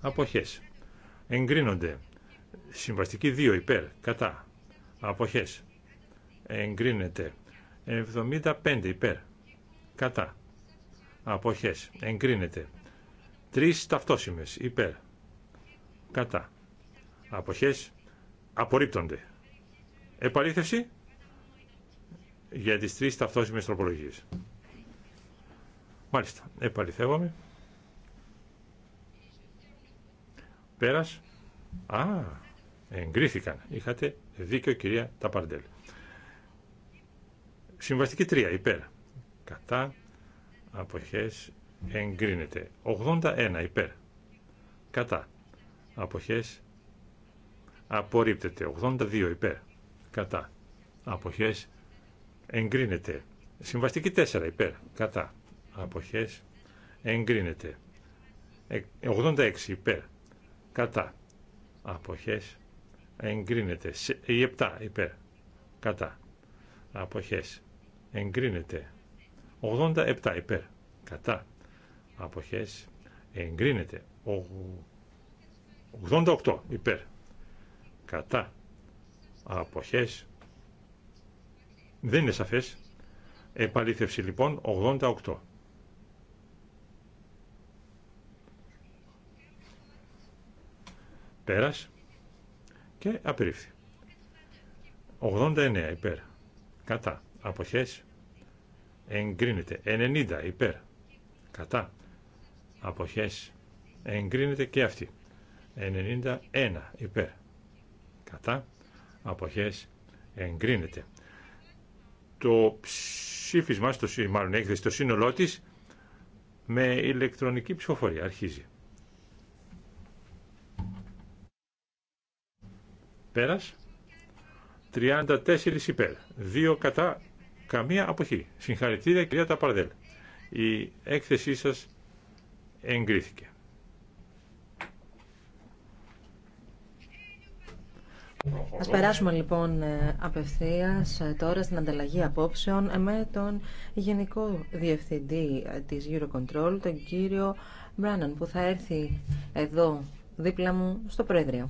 Αποχές. Εγκρίνονται. Συμβαστική 2 υπέρ. Κατά. Αποχές. Εγκρίνεται. 75 υπέρ. Κατά. Αποχές. Εγκρίνεται. Τρεις ταυτόσημες υπέρ. Κατά. Αποχές. Απορρίπτονται. Επαλήθευση για τις τρεις ταυτόσιμες τροπολογίες. Μάλιστα, επαληθεύομαι. Πέρας. Α, εγκρίθηκαν. Είχατε δίκιο κυρία Ταπαρντέλ. Συμβαστική 3, υπέρ. Κατά αποχές εγκρίνεται. 81, υπέρ. Κατά αποχές απορρίπτεται. 82, υπέρ κατά. Αποχές εγκρίνεται. Συμβαστική 4 υπέρ, κατά. Αποχές εγκρίνεται. 86 ε, υπέρ, κατά. Αποχές εγκρίνεται. Η 7 υπέρ, κατά. Αποχές εγκρίνεται. 87 υπέρ, κατά. Αποχές εγκρίνεται. 88 υπέρ, κατά αποχές δεν είναι σαφές επαλήθευση λοιπόν 88 πέρας και απερίφθη 89 υπέρ κατά αποχές εγκρίνεται 90 υπέρ κατά αποχές εγκρίνεται και αυτή 91 υπέρ κατά αποχές εγκρίνεται. Το ψήφισμα, στο, μάλλον έκθεση, το σύνολό της με ηλεκτρονική ψηφοφορία αρχίζει. Πέρας, 34 υπέρ, 2 κατά, καμία αποχή. Συγχαρητήρια κυρία Ταπαρδέλ. Η έκθεσή σας εγκρίθηκε. Ας περάσουμε λοιπόν ε, απευθείας ε, τώρα στην ανταλλαγή απόψεων ε, με τον Γενικό Διευθυντή της Eurocontrol, τον κύριο Μπράναν, που θα έρθει εδώ δίπλα μου στο Προεδρείο.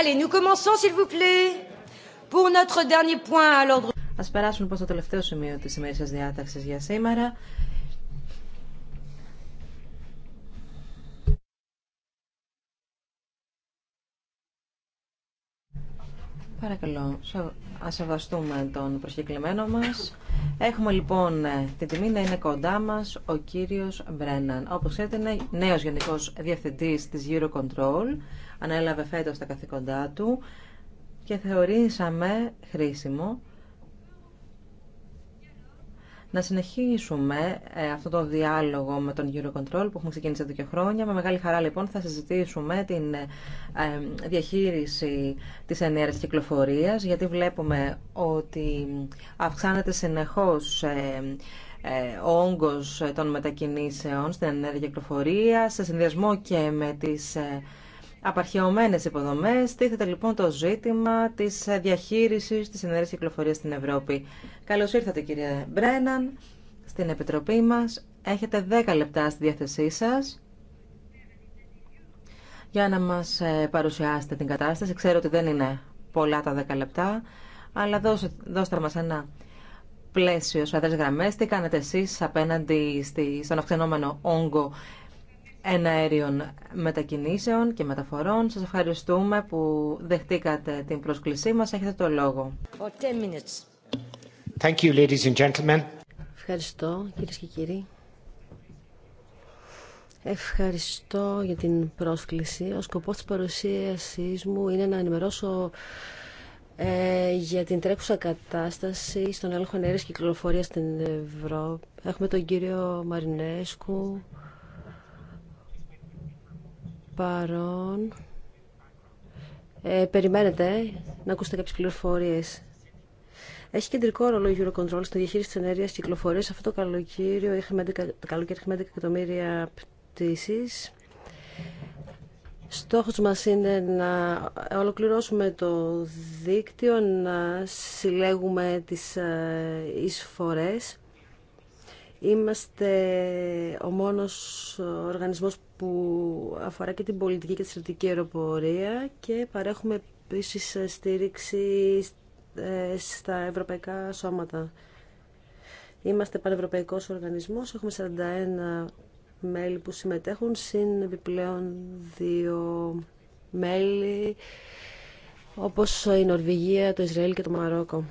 Allez, nous commençons, s'il vous plaît, pour notre dernier point Ας περάσουμε λοιπόν, το τελευταίο σημείο της σημερινής διάταξης για σήμερα. Παρακαλώ, ας σεβαστούμε τον προσκεκλημένο μας. Έχουμε λοιπόν ε, την τιμή να είναι κοντά μας ο κύριος Μπρέναν. Όπως ξέρετε είναι νέος Γενικός Διευθυντής της Eurocontrol ανέλαβε φέτος τα καθήκοντά του και θεωρήσαμε χρήσιμο να συνεχίσουμε ε, αυτό το διάλογο με τον Eurocontrol που έχουμε ξεκινήσει εδώ και χρόνια. Με μεγάλη χαρά λοιπόν θα συζητήσουμε την ε, ε, διαχείριση της ενέργειας κυκλοφορίας γιατί βλέπουμε ότι αυξάνεται συνεχώς ο όγκος των μετακινήσεων στην ενέργεια κυκλοφορία σε συνδυασμό και με τις Απαρχαιωμένε υποδομές. Τίθεται λοιπόν το ζήτημα τη διαχείριση τη ενέργειας κυκλοφορία στην Ευρώπη. Καλώ ήρθατε κύριε Μπρέναν στην Επιτροπή μα. Έχετε 10 λεπτά στη διάθεσή σα, για να μα ε, παρουσιάσετε την κατάσταση. Ξέρω ότι δεν είναι πολλά τα 10 λεπτά, αλλά δώστε, δώστε μας ένα πλαίσιο, σφαδρές γραμμές, τι κάνετε εσείς απέναντι στον αυξανόμενο όγκο εναέριων μετακινήσεων και μεταφορών. Σας ευχαριστούμε που δεχτήκατε την πρόσκλησή μας. Έχετε το λόγο. Ευχαριστώ, κύριε και κύριοι. Ευχαριστώ για την πρόσκληση. Ο σκοπός της παρουσίασής μου είναι να ενημερώσω ε, για την τρέχουσα κατάσταση στον έλεγχο και κυκλοφορίας στην Ευρώπη. Έχουμε τον κύριο Μαρινέσκου, παρόν. Ε, περιμένετε να ακούσετε κάποιε πληροφορίε. Έχει κεντρικό ρόλο η Eurocontrol στη διαχείριση τη ενέργεια κυκλοφορία. Αυτό το καλοκαίρι είχαμε 11 εκατομμύρια πτήσει. Στόχος μας είναι να ολοκληρώσουμε το δίκτυο, να συλλέγουμε τις ε, εισφορές Είμαστε ο μόνος οργανισμός που αφορά και την πολιτική και τη στρατηγική αεροπορία και παρέχουμε επίσης στήριξη ε, στα ευρωπαϊκά σώματα. Είμαστε πανευρωπαϊκός οργανισμός, έχουμε 41 μέλη που συμμετέχουν, συν επιπλέον δύο μέλη όπως η Νορβηγία, το Ισραήλ και το Μαρόκο.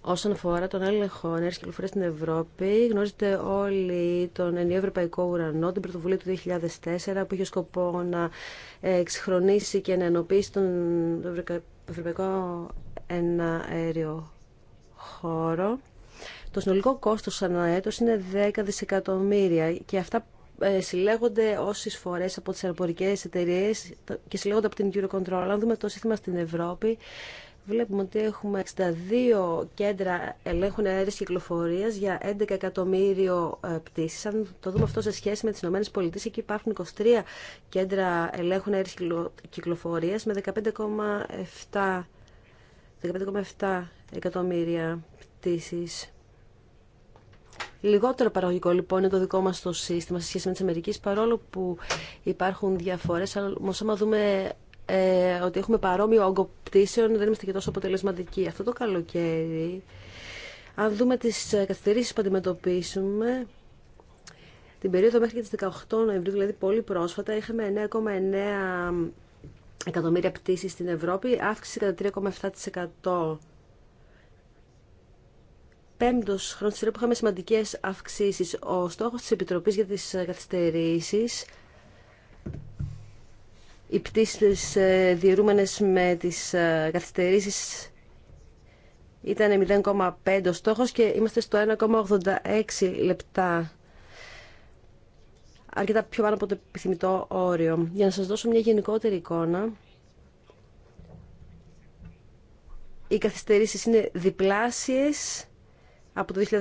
Όσον αφορά τον έλεγχο ενέργεια κυκλοφορία στην Ευρώπη, γνωρίζετε όλοι τον ενιαίο Ευρωπαϊκό Ουρανό, την πρωτοβουλία του 2004, που είχε σκοπό να εξχρονίσει και να ενοποιήσει τον Ευρωπαϊκό ένα αέριο χώρο. Το συνολικό κόστος ανά έτος είναι 10 δισεκατομμύρια και αυτά ε, συλλέγονται όσες φορές από τις αεροπορικές εταιρείε και συλλέγονται από την Eurocontrol. Αν δούμε το σύστημα στην Ευρώπη, Βλέπουμε ότι έχουμε 62 κέντρα ελέγχου αέρης κυκλοφορίας για 11 εκατομμύριο ε, πτήσεις. Αν το δούμε αυτό σε σχέση με τις ΗΠΑ, εκεί υπάρχουν 23 κέντρα ελέγχου αέρης κυκλοφορίας με 15,7 15,7 εκατομμύρια πτήσεις. Λιγότερο παραγωγικό λοιπόν είναι το δικό μας το σύστημα σε σχέση με τις Αμερική παρόλο που υπάρχουν διαφορές, όμως άμα δούμε ε, ότι έχουμε παρόμοιο όγκο πτήσεων, δεν είμαστε και τόσο αποτελεσματικοί. Αυτό το καλοκαίρι, αν δούμε τις ε, καθυστερήσει που αντιμετωπίσουμε, την περίοδο μέχρι και τις 18 Νοεμβρίου, δηλαδή πολύ πρόσφατα, είχαμε 9,9 εκατομμύρια πτήσεις στην Ευρώπη, αύξηση κατά 3,7%. Πέμπτος χρόνος της που είχαμε σημαντικές αυξήσεις. Ο στόχος της Επιτροπής για τις ε, καθυστερήσεις οι πτήσεις ε, διαιρούμενες με τις ε, καθυστερήσεις ήταν 0,5 ο στόχος και είμαστε στο 1,86 λεπτά. Αρκετά πιο πάνω από το επιθυμητό όριο. Για να σας δώσω μια γενικότερη εικόνα, οι καθυστερήσεις είναι διπλάσιες από το 2017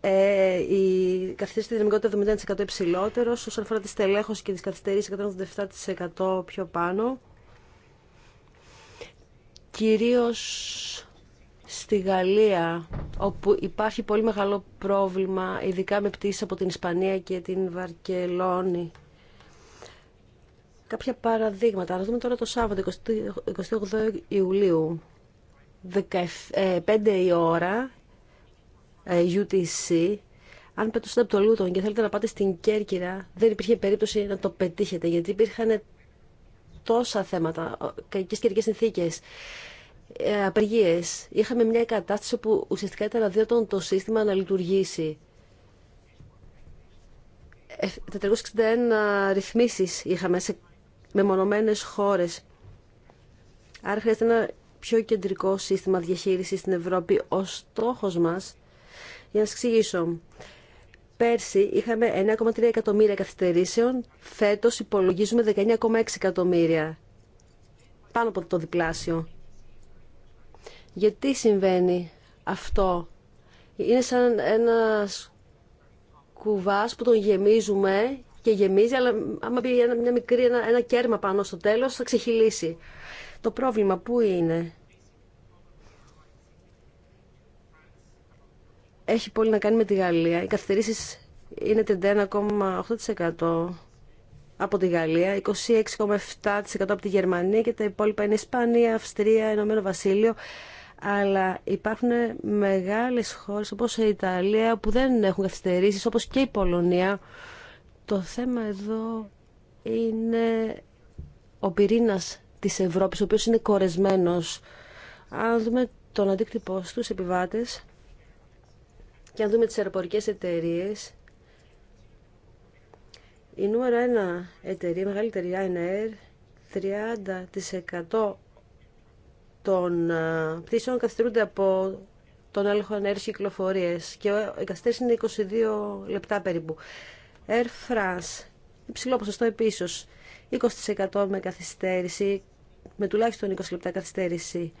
ε, η καθυστέρηση δυναμικότητα 70% υψηλότερο, όσον αφορά τη στελέχωση και τις καθυστερήσεις 187% πιο πάνω. Κυρίως στη Γαλλία, όπου υπάρχει πολύ μεγάλο πρόβλημα, ειδικά με πτήσεις από την Ισπανία και την Βαρκελόνη. Κάποια παραδείγματα. Να δούμε τώρα το Σάββατο, 28 Ιουλίου, 5 η ώρα, ε, UTC, αν πετούσατε από το Λούτον και θέλετε να πάτε στην Κέρκυρα, δεν υπήρχε περίπτωση να το πετύχετε, γιατί υπήρχαν τόσα θέματα, κακές καιρικές συνθήκες, ε, απεργίες. Είχαμε μια κατάσταση που ουσιαστικά ήταν αδύνατον το σύστημα να λειτουργήσει. 461 ε, ρυθμίσεις είχαμε σε μεμονωμένες χώρες. Άρα χρειάζεται ένα πιο κεντρικό σύστημα διαχείρισης στην Ευρώπη. Ο στόχος μας για να σα εξηγήσω. Πέρσι είχαμε 1,3 εκατομμύρια καθυστερήσεων, φέτος υπολογίζουμε 19,6 εκατομμύρια. Πάνω από το διπλάσιο. Γιατί συμβαίνει αυτό. Είναι σαν ένας κουβάς που τον γεμίζουμε και γεμίζει, αλλά άμα πει ένα, μια μικρή, ένα, ένα κέρμα πάνω στο τέλος, θα ξεχυλήσει. Το πρόβλημα πού είναι. έχει πολύ να κάνει με τη Γαλλία. Οι καθυστερήσει είναι 31,8% από τη Γαλλία, 26,7% από τη Γερμανία και τα υπόλοιπα είναι Ισπανία, Αυστρία, Ηνωμένο Βασίλειο. Αλλά υπάρχουν μεγάλες χώρες όπως η Ιταλία που δεν έχουν καθυστερήσεις όπως και η Πολωνία. Το θέμα εδώ είναι ο πυρήνας της Ευρώπης, ο οποίος είναι κορεσμένος. Αν δούμε τον αντίκτυπο στους επιβάτες, και αν δούμε τις αεροπορικές εταιρείε. η νούμερο ένα εταιρεία, η μεγαλύτερη Ryanair, 30% των πτήσεων καθυστερούνται από τον έλεγχο ανέρης κυκλοφορίες και ο καθυστέρηση είναι 22 λεπτά περίπου. Air France, υψηλό ποσοστό επίσης, 20% με καθυστέρηση, με τουλάχιστον 20 λεπτά καθυστέρηση.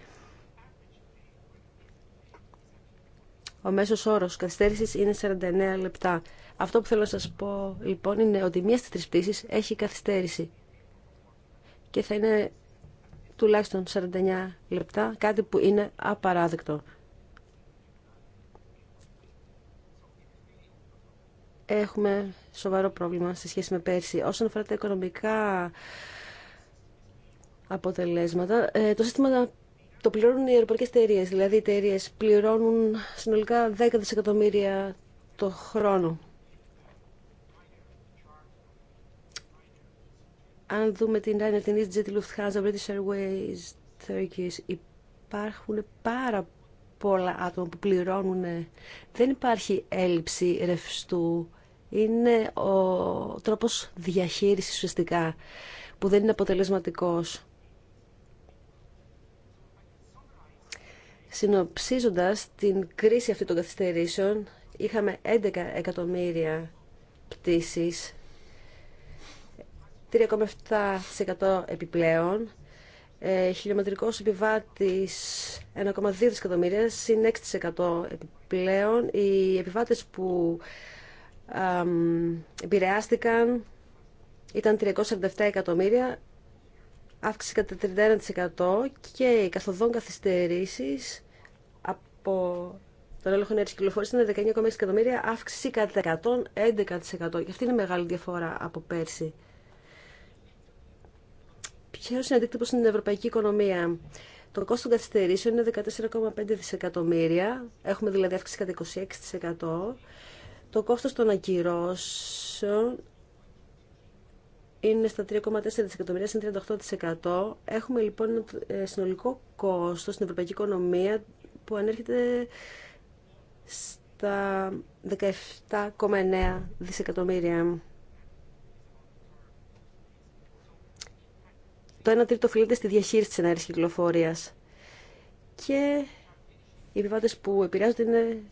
Ο μέσος όρος καθυστέρησης είναι 49 λεπτά. Αυτό που θέλω να σας πω λοιπόν είναι ότι μία στις τρεις πτήσεις έχει καθυστέρηση και θα είναι τουλάχιστον 49 λεπτά, κάτι που είναι απαράδεκτο. Έχουμε σοβαρό πρόβλημα σε σχέση με πέρσι. Όσον αφορά τα οικονομικά αποτελέσματα, ε, το σύστημα το πληρώνουν οι αεροπορικές εταιρείε. Δηλαδή οι εταιρείε πληρώνουν συνολικά 10 δισεκατομμύρια το χρόνο. Αν δούμε την Ryanair, την EasyJet, τη Lufthansa, British Airways, Turkish, υπάρχουν πάρα πολλά άτομα που πληρώνουν. Δεν υπάρχει έλλειψη ρευστού. Είναι ο τρόπος διαχείρισης ουσιαστικά που δεν είναι αποτελεσματικός. Συνοψίζοντας την κρίση αυτή των καθυστερήσεων, είχαμε 11 εκατομμύρια πτήσεις, 3,7% επιπλέον, ε, χιλιομετρικός επιβάτης 1,2 δισεκατομμύρια, συν 6% επιπλέον. Οι επιβάτες που α, επηρεάστηκαν ήταν 347 εκατομμύρια, αύξηση κατά 31% και οι καθοδόν καθυστερήσεις από τον έλεγχο ενέργεια κυκλοφορία είναι 19,6 εκατομμύρια, αύξηση κατά 111%. Και αυτή είναι η μεγάλη διαφορά από πέρσι. Ποιο είναι αντίκτυπο στην ευρωπαϊκή οικονομία. Το κόστο των καθυστερήσεων είναι 14,5 δισεκατομμύρια, έχουμε δηλαδή αύξηση κατά 26%. Το κόστος των ακυρώσεων είναι στα 3,4 δισεκατομμύρια, είναι 38%. Έχουμε λοιπόν ένα ε, συνολικό κόστος στην ευρωπαϊκή οικονομία που ανέρχεται στα 17,9 δισεκατομμύρια. Το 1 τρίτο οφείλεται στη διαχείριση της ενέργειας κυκλοφορίας. Και οι επιβάτες που επηρεάζονται είναι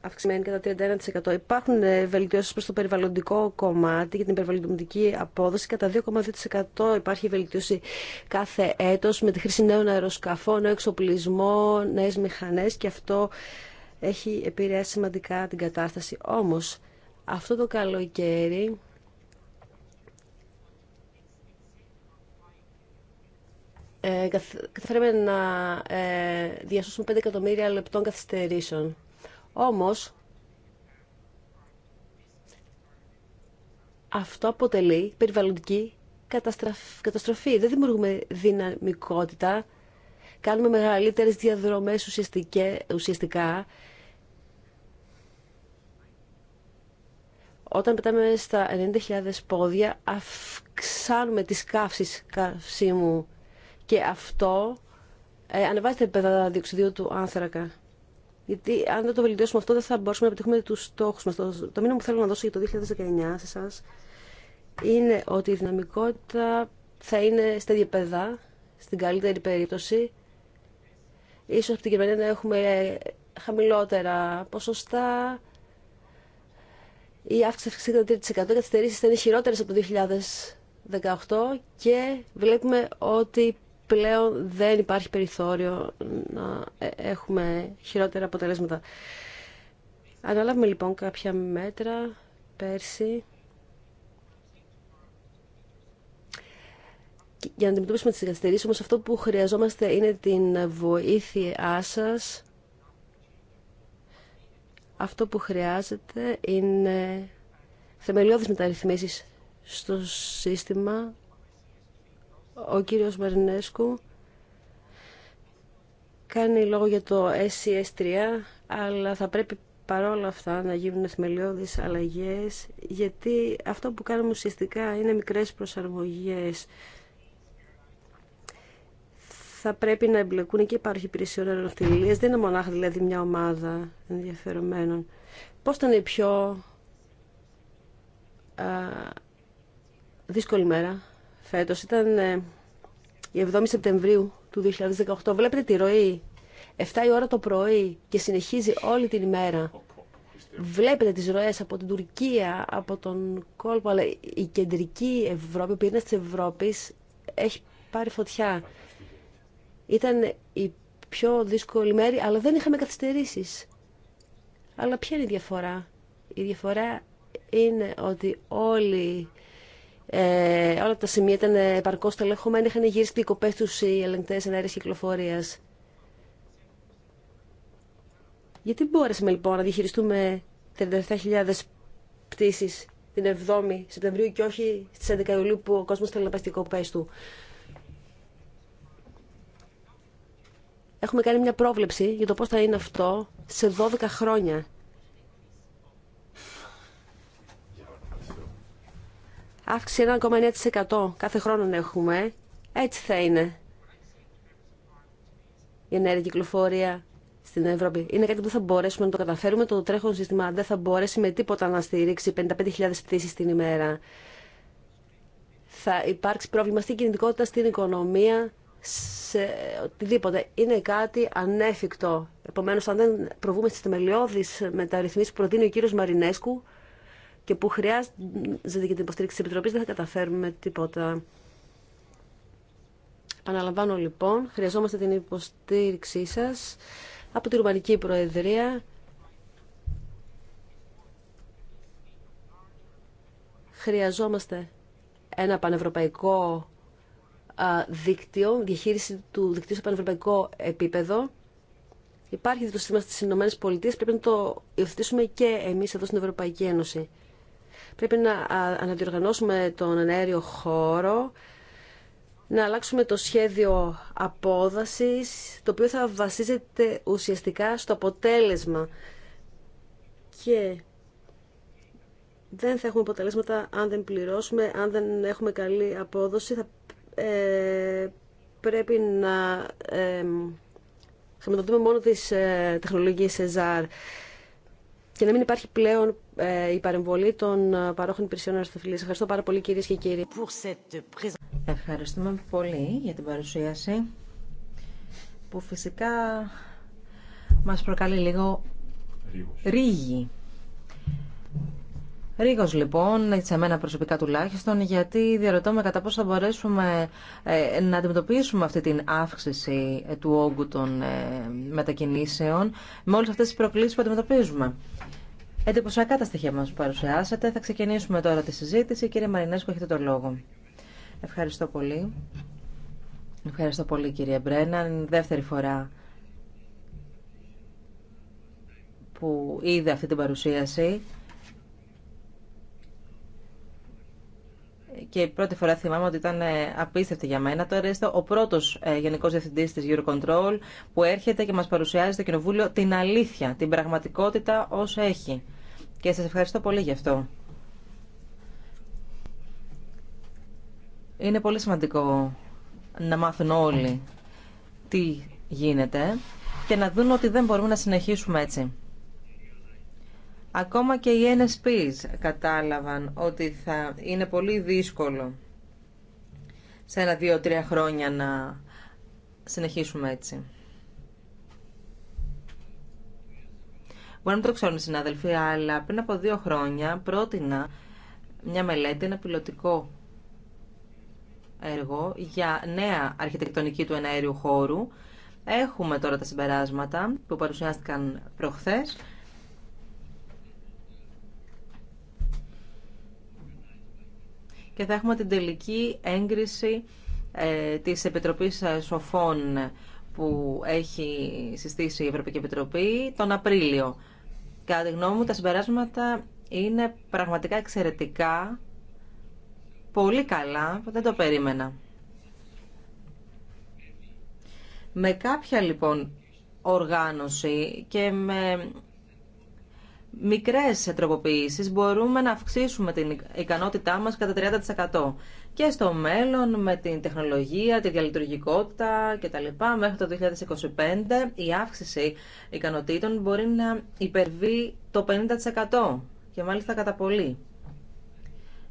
αυξημένη κατά 31%. Υπάρχουν ε, βελτιώσεις προς το περιβαλλοντικό κομμάτι για την περιβαλλοντική απόδοση. Κατά 2,2% υπάρχει βελτίωση κάθε έτος με τη χρήση νέων αεροσκαφών, νέων εξοπλισμό, νέες μηχανές και αυτό έχει επηρεάσει σημαντικά την κατάσταση. Όμως, αυτό το καλοκαίρι ε, καταφέραμε να ε, διασώσουμε 5 εκατομμύρια λεπτών καθυστερήσεων. Όμως, αυτό αποτελεί περιβαλλοντική καταστροφή. Δεν δημιουργούμε δυναμικότητα, κάνουμε μεγαλύτερες διαδρομές ουσιαστικά. Όταν πετάμε στα 90.000 πόδια, αυξάνουμε τις καύσεις καυσίμου και αυτό ε, ανεβάζει τα επίπεδα διοξιδίου του άνθρακα. Γιατί αν δεν το βελτιώσουμε αυτό, δεν θα μπορούσαμε να πετύχουμε του στόχου μα. Το, μήνυμα που θέλω να δώσω για το 2019 σε εσά είναι ότι η δυναμικότητα θα είναι στα ίδια παιδά, στην καλύτερη περίπτωση. Ίσως από την Γερμανία να έχουμε χαμηλότερα ποσοστά. Η αύξηση 63% καθυστερήσει θα είναι χειρότερε από το 2018 και βλέπουμε ότι πλέον δεν υπάρχει περιθώριο να ε, έχουμε χειρότερα αποτελέσματα. Αναλάβουμε λοιπόν κάποια μέτρα πέρσι για να αντιμετωπίσουμε τις εγκαθυστερήσεις, όμως αυτό που χρειαζόμαστε είναι την βοήθειά σας. Αυτό που χρειάζεται είναι θεμελιώδεις μεταρρυθμίσεις στο σύστημα ο κύριος Μαρινέσκου κάνει λόγο για το SCS3, αλλά θα πρέπει παρόλα αυτά να γίνουν θεμελιώδεις αλλαγές, γιατί αυτό που κάνουμε ουσιαστικά είναι μικρές προσαρμογές. Θα πρέπει να εμπλεκούν και υπάρχει υπηρεσιών αεροναυτιλίας, δεν είναι μονάχα δηλαδή μια ομάδα ενδιαφερομένων. Πώς ήταν η πιο α, δύσκολη μέρα φέτος ήταν ε, η 7η Σεπτεμβρίου του 2018. Βλέπετε τη ροή. 7 η ώρα το πρωί και συνεχίζει όλη την ημέρα. Βλέπετε τις ροές από την Τουρκία, από τον κόλπο, αλλά η κεντρική Ευρώπη, ο πυρήνας της Ευρώπης, έχει πάρει φωτιά. Ήταν η πιο δύσκολη μέρη, αλλά δεν είχαμε καθυστερήσεις. Αλλά ποια είναι η διαφορά. Η διαφορά είναι ότι όλοι ε, όλα τα σημεία ήταν επαρκώς τελεχωμένα, είχαν γυρίσει κοπέ του οι ελεγκτές ενέργεια κυκλοφορίας. Γιατί μπόρεσαμε λοιπόν να διαχειριστούμε 37.000 πτήσει την 7η Σεπτεμβρίου και όχι στις 11 Ιουλίου που ο κόσμο θέλει να πάει στι κοπέ του. Έχουμε κάνει μια πρόβλεψη για το πώ θα είναι αυτό σε 12 χρόνια. αύξηση 1,9% κάθε χρόνο έχουμε. Έτσι θα είναι η ενέργεια κυκλοφορία στην Ευρώπη. Είναι κάτι που δεν θα μπορέσουμε να το καταφέρουμε. Το τρέχον σύστημα δεν θα μπορέσει με τίποτα να στηρίξει 55.000 πτήσει την ημέρα. Θα υπάρξει πρόβλημα στην κινητικότητα, στην οικονομία, σε οτιδήποτε. Είναι κάτι ανέφικτο. Επομένω, αν δεν προβούμε στι θεμελιώδει μεταρρυθμίσει που προτείνει ο κύριο Μαρινέσκου, και που χρειάζεται και την υποστήριξη της Επιτροπής δεν θα καταφέρουμε τίποτα. Παναλαμβάνω λοιπόν, χρειαζόμαστε την υποστήριξή σας από τη Ρουμανική Προεδρία. Χρειαζόμαστε ένα πανευρωπαϊκό δίκτυο, διαχείριση του δικτύου σε πανευρωπαϊκό επίπεδο. Υπάρχει το σύστημα στις Ηνωμένες Πολιτείες, πρέπει να το υιοθετήσουμε και εμείς εδώ στην Ευρωπαϊκή Ένωση. Πρέπει να αναδιοργανώσουμε τον ενέργειο χώρο, να αλλάξουμε το σχέδιο απόδασης, το οποίο θα βασίζεται ουσιαστικά στο αποτέλεσμα. Και δεν θα έχουμε αποτελέσματα αν δεν πληρώσουμε, αν δεν έχουμε καλή απόδοση. Θα, ε, πρέπει να ε, χρηματοδοτούμε μόνο τις ε, τεχνολογίες ΕΖΑΡ και να μην υπάρχει πλέον ε, η παρεμβολή των ε, παρόχων υπηρεσιών αεροστοφυλής. Ευχαριστώ πάρα πολύ κύριε και κύριοι. Ευχαριστούμε πολύ για την παρουσίαση που φυσικά μας προκαλεί λίγο ρίγη. Ρίγο λοιπόν, σε μένα προσωπικά τουλάχιστον, γιατί διαρωτώ κατά πόσο θα μπορέσουμε ε, να αντιμετωπίσουμε αυτή την αύξηση του όγκου των μετακινήσεων με όλε αυτέ τι προκλήσει που αντιμετωπίζουμε εντυπωσιακά τα στοιχεία μας που παρουσιάσατε. Θα ξεκινήσουμε τώρα τη συζήτηση. Κύριε Μαρινέσκο, έχετε το λόγο. Ευχαριστώ πολύ. Ευχαριστώ πολύ κύριε Μπρένα. Είναι δεύτερη φορά που είδε αυτή την παρουσίαση. Και η πρώτη φορά θυμάμαι ότι ήταν ε, απίστευτη για μένα. Τώρα είστε ο πρώτο ε, Γενικό Διευθυντή τη Eurocontrol που έρχεται και μα παρουσιάζει στο Κοινοβούλιο την αλήθεια, την πραγματικότητα όσο έχει και σας ευχαριστώ πολύ γι' αυτό. Είναι πολύ σημαντικό να μάθουν όλοι τι γίνεται και να δουν ότι δεν μπορούμε να συνεχίσουμε έτσι. Ακόμα και οι NSPs κατάλαβαν ότι θα είναι πολύ δύσκολο σε ένα, δύο, τρία χρόνια να συνεχίσουμε έτσι. Μπορεί να το ξέρουν οι συναδελφοί, αλλά πριν από δύο χρόνια πρότεινα μια μελέτη, ένα πιλωτικό έργο για νέα αρχιτεκτονική του εναέριου χώρου. Έχουμε τώρα τα συμπεράσματα που παρουσιάστηκαν προχθές. Και θα έχουμε την τελική έγκριση ε, της Επιτροπής Σοφών που έχει συστήσει η Ευρωπαϊκή Επιτροπή τον Απρίλιο. Κατά τη γνώμη μου τα συμπεράσματα είναι πραγματικά εξαιρετικά, πολύ καλά, δεν το περίμενα. Με κάποια λοιπόν οργάνωση και με μικρές τροποποιήσεις μπορούμε να αυξήσουμε την ικανότητά μας κατά 30% και στο μέλλον με την τεχνολογία, τη διαλειτουργικότητα κτλ. Μέχρι το 2025 η αύξηση ικανοτήτων μπορεί να υπερβεί το 50% και μάλιστα κατά πολύ.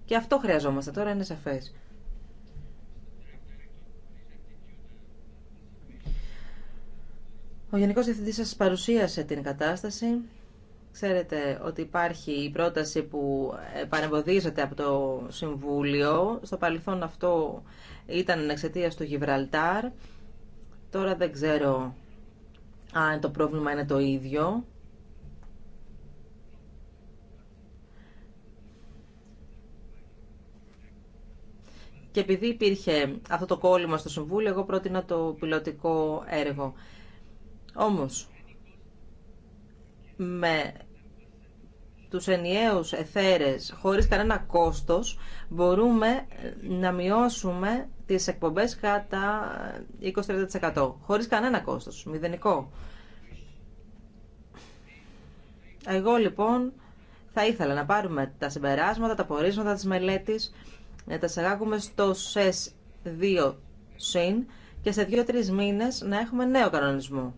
Και αυτό χρειαζόμαστε τώρα, είναι σαφές. Ο Γενικός Διευθυντής σας παρουσίασε την κατάσταση. Ξέρετε ότι υπάρχει η πρόταση που ε, παρεμποδίζεται από το Συμβούλιο. Στο παρελθόν αυτό ήταν εξαιτία του Γιβραλτάρ. Τώρα δεν ξέρω αν το πρόβλημα είναι το ίδιο. Και επειδή υπήρχε αυτό το κόλλημα στο Συμβούλιο, εγώ πρότεινα το πιλωτικό έργο. Όμως, με τους ενιαίους εθέρες χωρίς κανένα κόστος μπορούμε να μειώσουμε τις εκπομπές κατά 20-30% χωρίς κανένα κόστος, μηδενικό. Εγώ λοιπόν θα ήθελα να πάρουμε τα συμπεράσματα, τα πορίσματα της μελέτης να τα σεγάγουμε στο ΣΕΣ 2 ΣΥΝ και σε 2-3 μήνες να έχουμε νέο κανονισμό.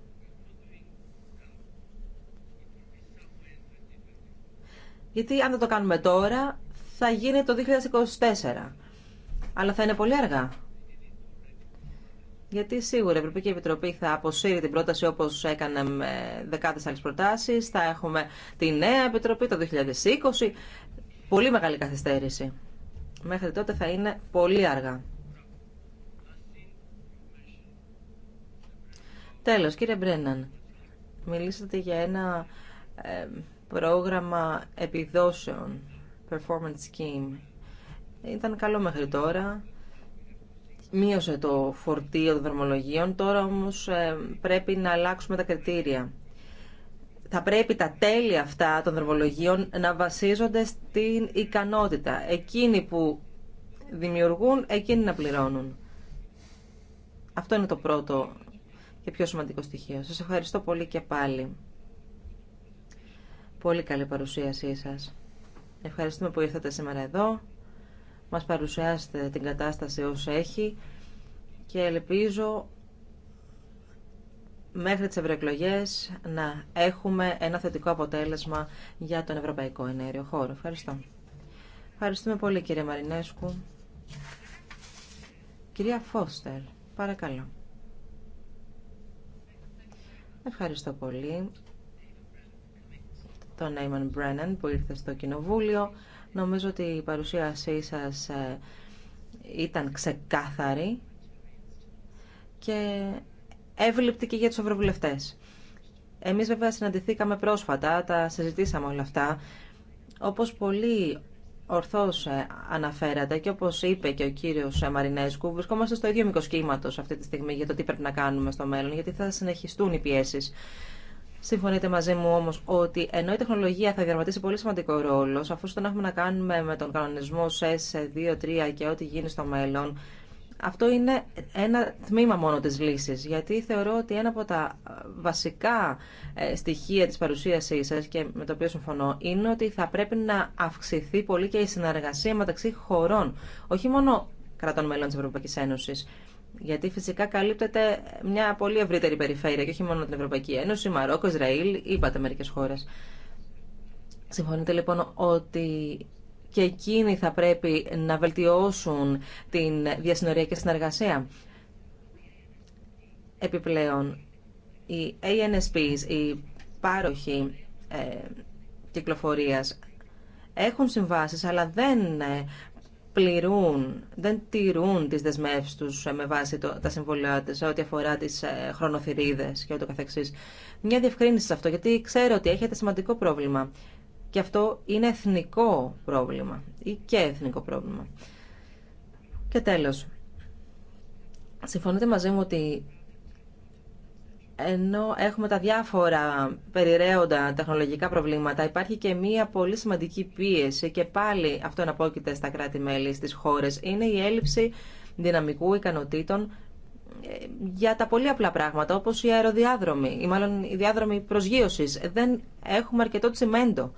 Γιατί αν δεν το κάνουμε τώρα, θα γίνει το 2024. Αλλά θα είναι πολύ αργά. Γιατί σίγουρα η Ευρωπαϊκή Επιτροπή θα αποσύρει την πρόταση όπω έκανε με δεκάδε άλλε προτάσει. Θα έχουμε τη νέα Επιτροπή το 2020. Πολύ μεγάλη καθυστέρηση. Μέχρι τότε θα είναι πολύ αργά. Τέλος, κύριε Μπρέναν, μιλήσατε για ένα ε, πρόγραμμα επιδόσεων, performance scheme, ήταν καλό μέχρι τώρα. Μείωσε το φορτίο των δρομολογίων, τώρα όμως ε, πρέπει να αλλάξουμε τα κριτήρια. Θα πρέπει τα τέλη αυτά των δρομολογίων να βασίζονται στην ικανότητα. Εκείνοι που δημιουργούν, εκείνοι να πληρώνουν. Αυτό είναι το πρώτο και πιο σημαντικό στοιχείο. Σας ευχαριστώ πολύ και πάλι. Πολύ καλή παρουσίασή σας. Ευχαριστούμε που ήρθατε σήμερα εδώ. Μας παρουσιάσετε την κατάσταση όσο έχει και ελπίζω μέχρι τις ευρωεκλογέ να έχουμε ένα θετικό αποτέλεσμα για τον Ευρωπαϊκό Ενέργειο Χώρο. Ευχαριστώ. Ευχαριστούμε πολύ κύριε Μαρινέσκου. Κυρία Φώστερ, παρακαλώ. Ευχαριστώ πολύ τον Νέιμαν Μπρένεν που ήρθε στο Κοινοβούλιο. Νομίζω ότι η παρουσίασή σας ε, ήταν ξεκάθαρη και εύληπτη και για τους ευρωβουλευτές. Εμείς βέβαια συναντηθήκαμε πρόσφατα, τα συζητήσαμε όλα αυτά. Όπως πολύ ορθώς ε, αναφέρατε και όπως είπε και ο κύριος ε, Μαρινέσκου, βρισκόμαστε στο ίδιο μικρό αυτή τη στιγμή για το τι πρέπει να κάνουμε στο μέλλον, γιατί θα συνεχιστούν οι πιέσεις. Συμφωνείτε μαζί μου όμως ότι ενώ η τεχνολογία θα διαρματίσει πολύ σημαντικό ρόλο, αφού στον έχουμε να κάνουμε με τον κανονισμό ΣΕΣ 2-3 και ό,τι γίνει στο μέλλον, αυτό είναι ένα τμήμα μόνο της λύσης, γιατί θεωρώ ότι ένα από τα βασικά ε, στοιχεία της παρουσίασής σας και με το οποίο συμφωνώ είναι ότι θα πρέπει να αυξηθεί πολύ και η συνεργασία μεταξύ χωρών, όχι μόνο κρατών μελών της Ευρωπαϊκής Ένωσης γιατί φυσικά καλύπτεται μια πολύ ευρύτερη περιφέρεια και όχι μόνο την Ευρωπαϊκή Ένωση, Μαρόκο, Ισραήλ, είπατε μερικέ χώρες. Συμφωνείτε λοιπόν ότι και εκείνοι θα πρέπει να βελτιώσουν την διασυνοριακή συνεργασία. Επιπλέον, οι ANSPs, οι πάροχοι ε, έχουν συμβάσεις αλλά δεν ε, πληρούν, δεν τηρούν τις δεσμεύσεις τους ε, με βάση τα συμβολιά της σε ό,τι αφορά τις ε, χρονοθυρίδες και ούτω καθεξής. Μια διευκρίνηση σε αυτό, γιατί ξέρω ότι έχετε σημαντικό πρόβλημα και αυτό είναι εθνικό πρόβλημα ή και εθνικό πρόβλημα. Και τέλος, συμφωνείτε μαζί μου ότι ενώ έχουμε τα διάφορα περιραίοντα τεχνολογικά προβλήματα, υπάρχει και μία πολύ σημαντική πίεση και πάλι αυτό αναπόκειται στα κράτη-μέλη, στις χώρες. Είναι η έλλειψη δυναμικού ικανοτήτων ε, για τα πολύ απλά πράγματα, όπως οι αεροδιάδρομοι ή μάλλον οι διάδρομοι προσγείωσης. Δεν έχουμε αρκετό τσιμέντο.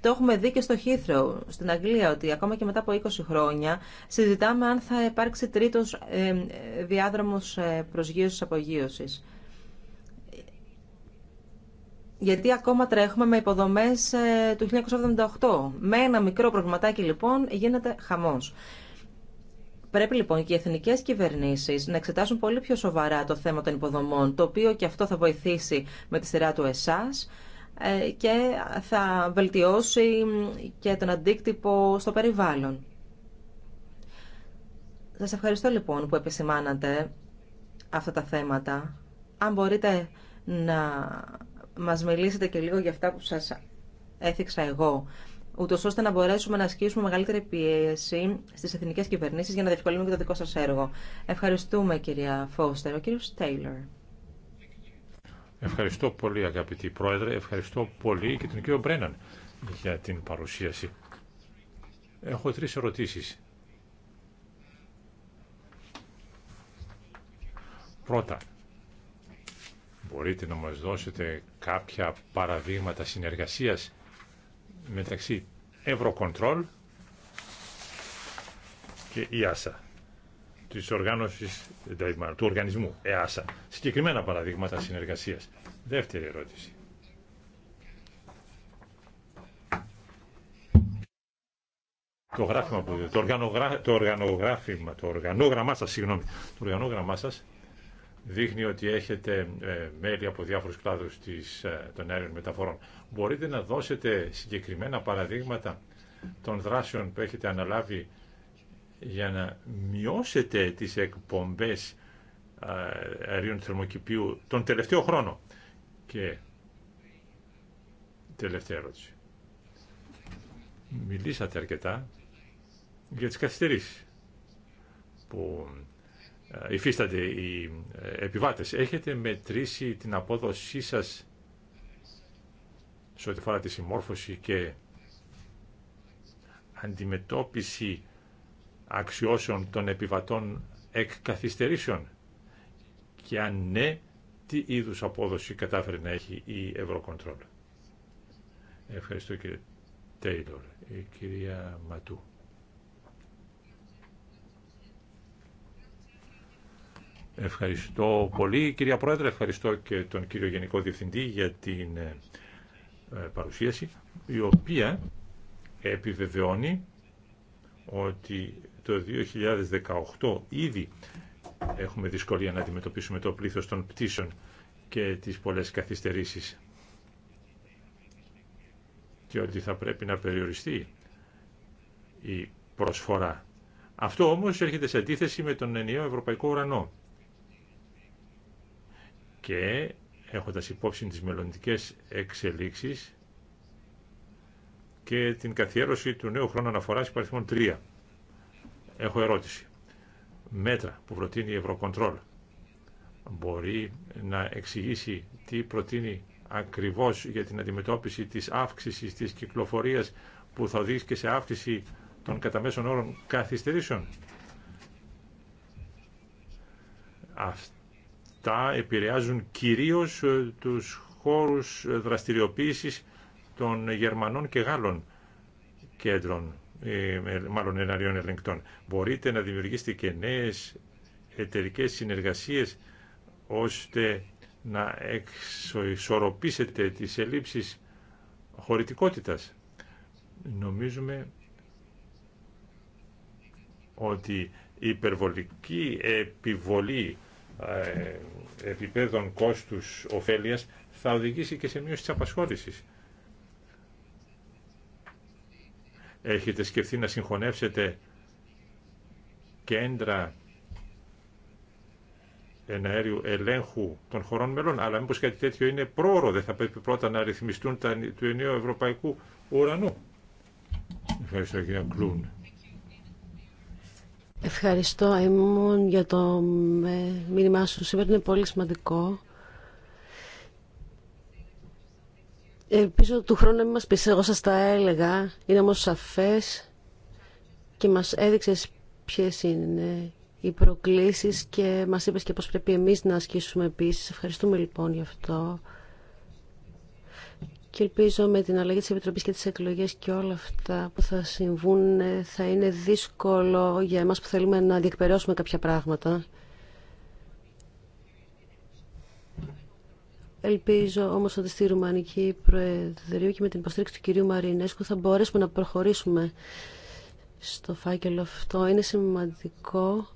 Το έχουμε δει και στο Heathrow, στην Αγγλία, ότι ακόμα και μετά από 20 χρόνια συζητάμε αν θα υπάρξει τρίτος ε, ε, διάδρομος προσγείωσης-απογείωσης γιατί ακόμα τρέχουμε με υποδομές ε, του 1978. Με ένα μικρό προβληματάκι λοιπόν γίνεται χαμό. Πρέπει λοιπόν και οι εθνικέ κυβερνήσεις να εξετάσουν πολύ πιο σοβαρά το θέμα των υποδομών, το οποίο και αυτό θα βοηθήσει με τη σειρά του εσάς ε, και θα βελτιώσει και τον αντίκτυπο στο περιβάλλον. Σας ευχαριστώ λοιπόν που επισημάνατε αυτά τα θέματα. Αν μπορείτε να μας μιλήσετε και λίγο για αυτά που σας έθιξα εγώ, ούτω ώστε να μπορέσουμε να ασκήσουμε μεγαλύτερη πίεση στις εθνικές κυβερνήσεις για να διευκολύνουμε και το δικό σας έργο. Ευχαριστούμε κυρία Φώστερ. Ο κύριος Τέιλορ. Ευχαριστώ πολύ αγαπητή Πρόεδρε, ευχαριστώ πολύ και τον κύριο Μπρέναν για την παρουσίαση. Έχω τρεις ερωτήσεις. Πρώτα, Μπορείτε να μας δώσετε κάποια παραδείγματα συνεργασίας μεταξύ Ευρωκοντρόλ και ΙΑΣΑ, της οργάνωσης, δηλαδή, του οργανισμού ΕΑΣΑ. Συγκεκριμένα παραδείγματα συνεργασίας. Δεύτερη ερώτηση. Το γράφημα που το, οργανογράφημα, το οργανόγραμμά σας, συγγνώμη, το οργανόγραμμά σας δείχνει ότι έχετε ε, μέλη από διάφορους κλάδους της, ε, των αέριων μεταφορών. Μπορείτε να δώσετε συγκεκριμένα παραδείγματα των δράσεων που έχετε αναλάβει για να μειώσετε τις εκπομπές ε, αερίων θερμοκηπίου τον τελευταίο χρόνο. Και τελευταία ερώτηση. Μιλήσατε αρκετά για τις καθυστερήσεις που ε, υφίστανται οι ε, επιβάτες. Έχετε μετρήσει την απόδοσή σας σε ό,τι φορά τη συμμόρφωση και αντιμετώπιση αξιώσεων των επιβατών εκ καθυστερήσεων και αν ναι, τι είδους απόδοση κατάφερε να έχει η Ευρωκοντρόλ. Ευχαριστώ κύριε Τέιλορ, η κυρία Ματού. Ευχαριστώ πολύ κυρία Πρόεδρε, ευχαριστώ και τον κύριο Γενικό Διευθυντή για την ε, ε, παρουσίαση, η οποία επιβεβαιώνει ότι το 2018 ήδη έχουμε δυσκολία να αντιμετωπίσουμε το πλήθος των πτήσεων και τις πολλές καθυστερήσεις και ότι θα πρέπει να περιοριστεί η προσφορά. Αυτό όμως έρχεται σε αντίθεση με τον ενιαίο ευρωπαϊκό ουρανό και έχοντας υπόψη τις μελλοντικέ εξελίξεις και την καθιέρωση του νέου χρόνου αναφοράς υπαριθμών 3. Έχω ερώτηση. Μέτρα που προτείνει η Ευρωκοντρόλ μπορεί να εξηγήσει τι προτείνει ακριβώς για την αντιμετώπιση της αύξησης της κυκλοφορίας που θα οδηγήσει και σε αύξηση των καταμέσων όρων καθυστερήσεων τα επηρεάζουν κυρίως ε, τους χώρους ε, δραστηριοποίησης των Γερμανών και Γάλλων κέντρων, ε, μάλλον εναριών ελεγκτών. Μπορείτε να δημιουργήσετε και νέες εταιρικές συνεργασίες ώστε να εξορροπήσετε τις ελλείψεις χωρητικότητας. Νομίζουμε ότι η υπερβολική επιβολή ε, επιπέδων κόστους ωφέλειας θα οδηγήσει και σε μείωση της απασχόλησης. Έχετε σκεφτεί να συγχωνεύσετε κέντρα εναέριου ελέγχου των χωρών μελών, αλλά μήπως κάτι τέτοιο είναι πρόωρο, δεν θα πρέπει πρώτα να ρυθμιστούν τα του ενίου ευρωπαϊκού ουρανού. Ευχαριστώ κύριε Κλούν. Ευχαριστώ, Έμον, για το ε, μήνυμά σου. Σήμερα είναι πολύ σημαντικό. Ελπίζω του χρόνου να μην μας πεις, εγώ σας τα έλεγα. Είναι όμως σαφές και μας έδειξες ποιες είναι οι προκλήσεις και μας είπες και πώς πρέπει εμείς να ασκήσουμε επίσης. Ευχαριστούμε λοιπόν γι' αυτό και ελπίζω με την αλλαγή της Επιτροπής και τις εκλογές και όλα αυτά που θα συμβούν ε, θα είναι δύσκολο για εμάς που θέλουμε να διεκπαιρεώσουμε κάποια πράγματα. Ελπίζω όμως ότι στη Ρουμανική Προεδρία και με την υποστήριξη του κυρίου Μαρινέσκου θα μπορέσουμε να προχωρήσουμε στο φάκελο αυτό. Είναι σημαντικό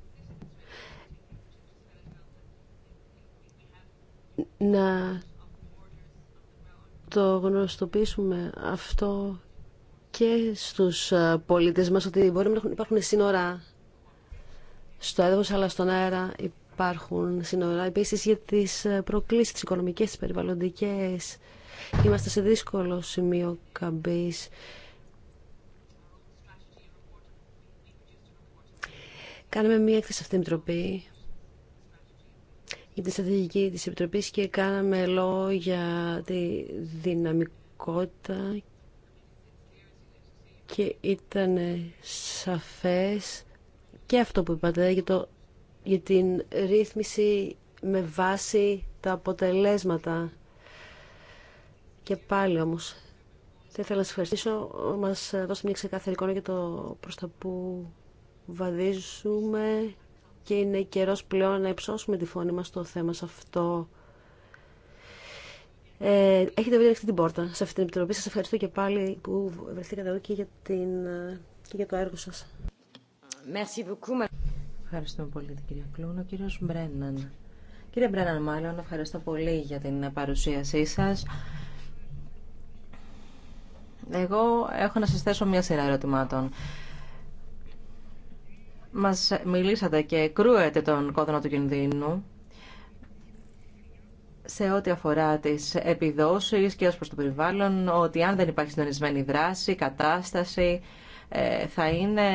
να το γνωστοποιήσουμε αυτό και στους ε, πολίτες μας ότι μπορεί να υπάρχουν σύνορα στο έδαφος αλλά στον αέρα υπάρχουν σύνορα. Επίσης για τις ε, προκλήσεις, τις οικονομικές, τις περιβαλλοντικές. Είμαστε σε δύσκολο σημείο καμπής. Κάνουμε μία έκθεση αυτήν την τροπή για τη στρατηγική της Επιτροπής και κάναμε για τη δυναμικότητα και ήταν σαφές και αυτό που είπατε για, το, για την ρύθμιση με βάση τα αποτελέσματα. Και πάλι όμως, θα ήθελα να σας ευχαριστήσω. Μας δώσετε μια ξεκάθαρη εικόνα για το προς τα που βαδίζουμε και είναι καιρός πλέον να υψώσουμε τη φωνή μας στο θέμα σε αυτό. Ε, έχετε βρει την πόρτα σε αυτή την επιτροπή. Σας ευχαριστώ και πάλι που βρεθήκατε εδώ και για, την, για το έργο σας. Ευχαριστούμε πολύ την κυρία Κλούνα. Ο κύριος Μπρέναν. Κύριε Μπρέναν, μάλλον ευχαριστώ πολύ για την παρουσίασή σας. Εγώ έχω να σας θέσω μια σειρά ερωτημάτων. Μας μιλήσατε και κρούετε τον κόδωνα του κινδύνου σε ό,τι αφορά τις επιδόσεις και ως προς το περιβάλλον, ότι αν δεν υπάρχει συντονισμένη δράση, κατάσταση, ε, θα είναι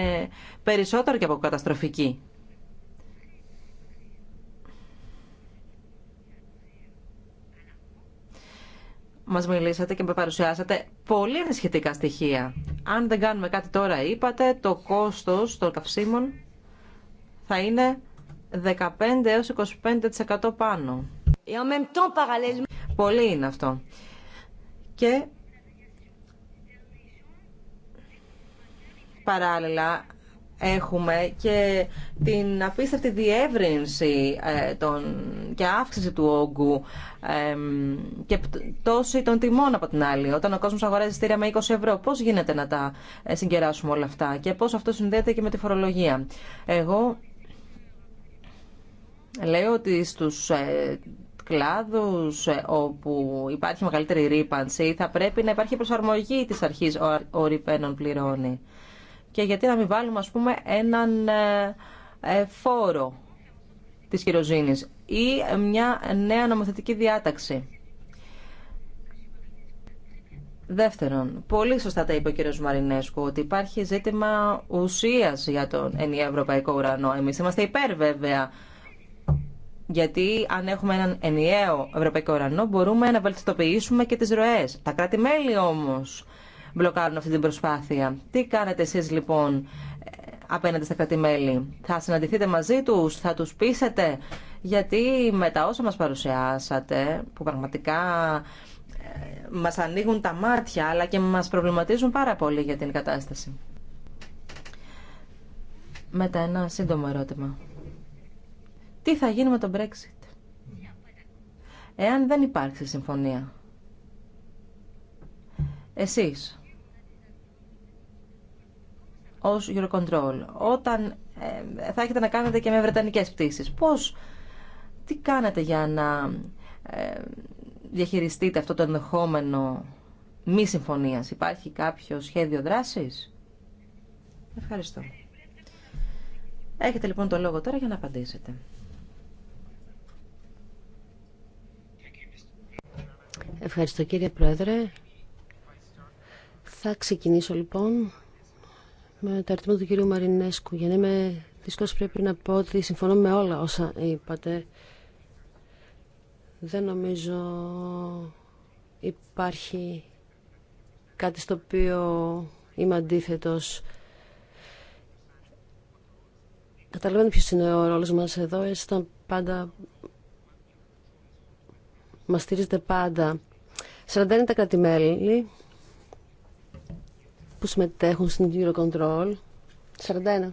περισσότερο και από καταστροφική. Μας μιλήσατε και με παρουσιάσατε πολύ ενισχυτικά στοιχεία. Αν δεν κάνουμε κάτι τώρα, είπατε, το κόστος των καυσίμων θα είναι 15 έως 25% πάνω. Πολύ είναι αυτό. Και παράλληλα έχουμε και την απίστευτη διεύρυνση ε, των, και αύξηση του όγκου και πτώση των τιμών από την άλλη. Όταν ο κόσμος αγοράζει στήρια με 20 ευρώ, πώς γίνεται να τα ε, συγκεράσουμε όλα αυτά και πώς αυτό συνδέεται και με τη φορολογία. Εγώ Λέω ότι στους ε, κλάδους ε, όπου υπάρχει μεγαλύτερη ρήπανση θα πρέπει να υπάρχει προσαρμογή της αρχής ο ρηπαίνων πληρώνει. Και γιατί να μην βάλουμε ας πούμε έναν ε, φόρο της κυροζήνης ή μια νέα νομοθετική διάταξη. Δεύτερον, πολύ σωστά τα είπε ο κ. Μαρινέσκου ότι υπάρχει ζήτημα ουσίας για τον ενιαίο ευρωπαϊκό ουρανό. Εμείς είμαστε υπέρ βέβαια γιατί αν έχουμε έναν ενιαίο ευρωπαϊκό ουρανό μπορούμε να βελτιστοποιήσουμε και τις ροές. Τα κράτη-μέλη όμως μπλοκάρουν αυτή την προσπάθεια. Τι κάνετε εσείς λοιπόν απέναντι στα κράτη-μέλη. Θα συναντηθείτε μαζί τους, θα τους πείσετε. Γιατί με τα όσα μας παρουσιάσατε, που πραγματικά ε, μα ανοίγουν τα μάτια, αλλά και μας προβληματίζουν πάρα πολύ για την κατάσταση. Μετά ένα σύντομο ερώτημα τι θα γίνει με τον Brexit. Εάν δεν υπάρξει συμφωνία. Εσείς, ως Eurocontrol, όταν ε, θα έχετε να κάνετε και με βρετανικές πτήσεις, πώς, τι κάνετε για να ε, διαχειριστείτε αυτό το ενδεχόμενο μη συμφωνίας. Υπάρχει κάποιο σχέδιο δράσης. Ευχαριστώ. Έχετε λοιπόν το λόγο τώρα για να απαντήσετε. Ευχαριστώ κύριε Πρόεδρε. Θα ξεκινήσω λοιπόν με το αριθμό του κύριου Μαρινέσκου. Για να είμαι δυσκός πρέπει να πω ότι συμφωνώ με όλα όσα είπατε. Δεν νομίζω υπάρχει κάτι στο οποίο είμαι αντίθετος. Καταλαβαίνω ποιος είναι ο ρόλος μας εδώ. ήταν πάντα... Μας στηρίζεται πάντα. 41 τα κρατημέλη που συμμετέχουν στην Eurocontrol. 41.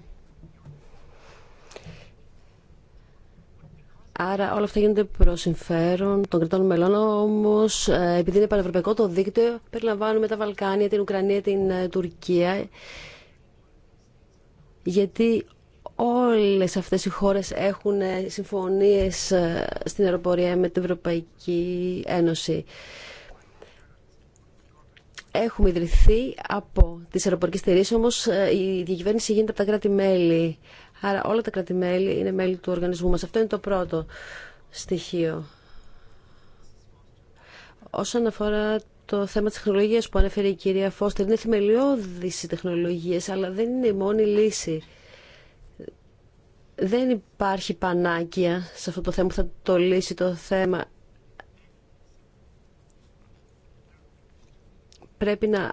Άρα όλα αυτά γίνονται προ συμφέρον των κρατών μελών, όμω ε, επειδή είναι πανευρωπαϊκό το δίκτυο, περιλαμβάνουμε τα Βαλκάνια, την Ουκρανία, την ε, Τουρκία. Γιατί όλες αυτές οι χώρες έχουν ε, συμφωνίες στην αεροπορία με την Ευρωπαϊκή Ένωση έχουμε ιδρυθεί από τις αεροπορικές εταιρείες, όμως ε, η διακυβέρνηση γίνεται από τα κράτη-μέλη. Άρα όλα τα κράτη-μέλη είναι μέλη του οργανισμού μας. Αυτό είναι το πρώτο στοιχείο. Όσον αφορά το θέμα της τεχνολογίας που ανέφερε η κυρία Φώστερ, είναι θεμελιώδης οι τεχνολογίας, αλλά δεν είναι η μόνη λύση. Δεν υπάρχει πανάκια σε αυτό το θέμα που θα το λύσει το θέμα. πρέπει να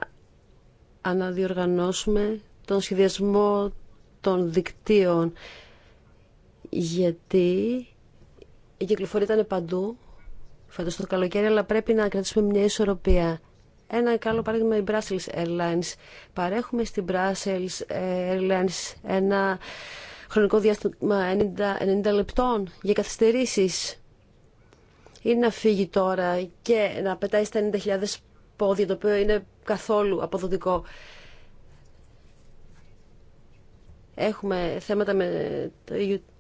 αναδιοργανώσουμε τον σχεδιασμό των δικτύων γιατί η κυκλοφορία ήταν παντού φέτος το καλοκαίρι αλλά πρέπει να κρατήσουμε μια ισορροπία. Ένα καλό παράδειγμα η Brussels Airlines. Παρέχουμε στην Brussels Airlines ένα χρονικό διάστημα 90, 90 λεπτών για καθυστερήσεις ή να φύγει τώρα και να πετάει στα 90.000 πόδι, το οποίο είναι καθόλου αποδοτικό. Έχουμε θέματα με το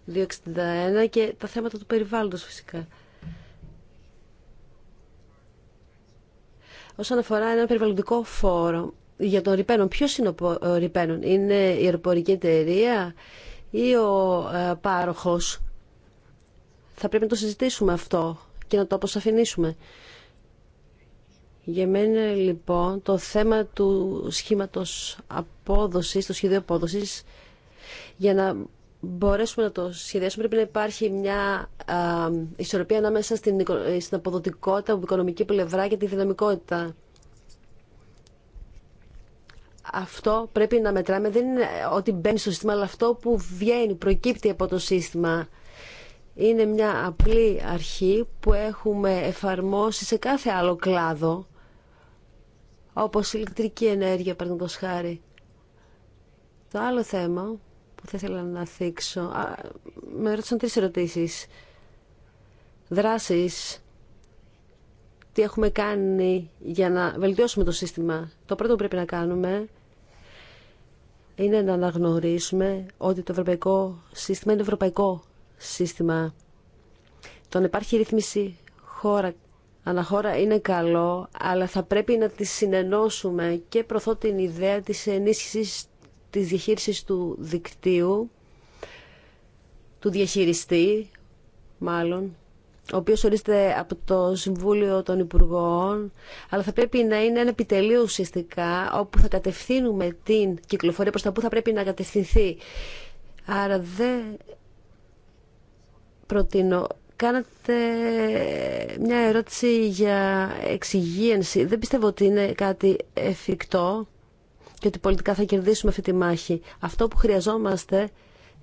EU261 και τα θέματα του περιβάλλοντος φυσικά. Όσον αφορά ένα περιβαλλοντικό φόρο για τον Ριπένον, ποιος είναι ο Ριπένον, είναι η αεροπορική εταιρεία ή ο ε, πάροχος. Θα πρέπει να το συζητήσουμε αυτό και να το αποσαφηνίσουμε. Για μένα λοιπόν το θέμα του σχήματος απόδοσης, του σχεδίου απόδοσης, για να μπορέσουμε να το σχεδιάσουμε πρέπει να υπάρχει μια α, ισορροπία ανάμεσα στην, στην αποδοτικότητα, την οικονομική πλευρά και τη δυναμικότητα. Αυτό πρέπει να μετράμε. Δεν είναι ότι μπαίνει στο σύστημα, αλλά αυτό που βγαίνει, προκύπτει από το σύστημα. Είναι μια απλή αρχή που έχουμε εφαρμόσει σε κάθε άλλο κλάδο όπως η ηλεκτρική ενέργεια, παραδείγματο χάρη. Το άλλο θέμα που θα ήθελα να θίξω, α, με ρώτησαν τρεις ερωτήσεις. Δράσεις, τι έχουμε κάνει για να βελτιώσουμε το σύστημα. Το πρώτο που πρέπει να κάνουμε είναι να αναγνωρίσουμε ότι το ευρωπαϊκό σύστημα είναι ευρωπαϊκό σύστημα. Το να υπάρχει ρύθμιση χώρα αναχώρα είναι καλό, αλλά θα πρέπει να τις συνενώσουμε και προθώ την ιδέα της ενίσχυσης της διαχείρισης του δικτύου, του διαχειριστή μάλλον, ο οποίος ορίζεται από το Συμβούλιο των Υπουργών, αλλά θα πρέπει να είναι ένα επιτελείο ουσιαστικά, όπου θα κατευθύνουμε την κυκλοφορία προς τα που θα πρέπει να κατευθυνθεί. Άρα δεν προτείνω Κάνατε μια ερώτηση για εξυγίανση. Δεν πιστεύω ότι είναι κάτι εφικτό και ότι πολιτικά θα κερδίσουμε αυτή τη μάχη. Αυτό που χρειαζόμαστε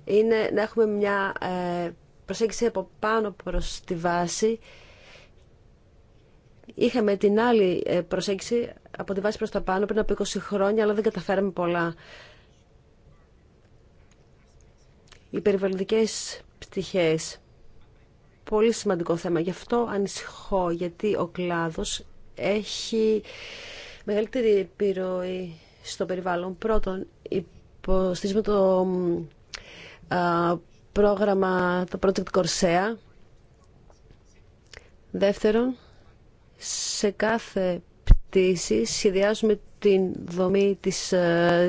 είναι να έχουμε μια ε, προσέγγιση από πάνω προς τη βάση. Είχαμε την άλλη ε, προσέγγιση από τη βάση προς τα πάνω πριν από 20 χρόνια, αλλά δεν καταφέραμε πολλά. Οι περιβαλλοντικές πτυχές πολύ σημαντικό θέμα. Γι' αυτό ανησυχώ, γιατί ο κλάδος έχει μεγαλύτερη επιρροή στο περιβάλλον. Πρώτον, υποστηρίζουμε το πρόγραμμα, το Project Corsair. Δεύτερον, σε κάθε πτήση σχεδιάζουμε την δομή της,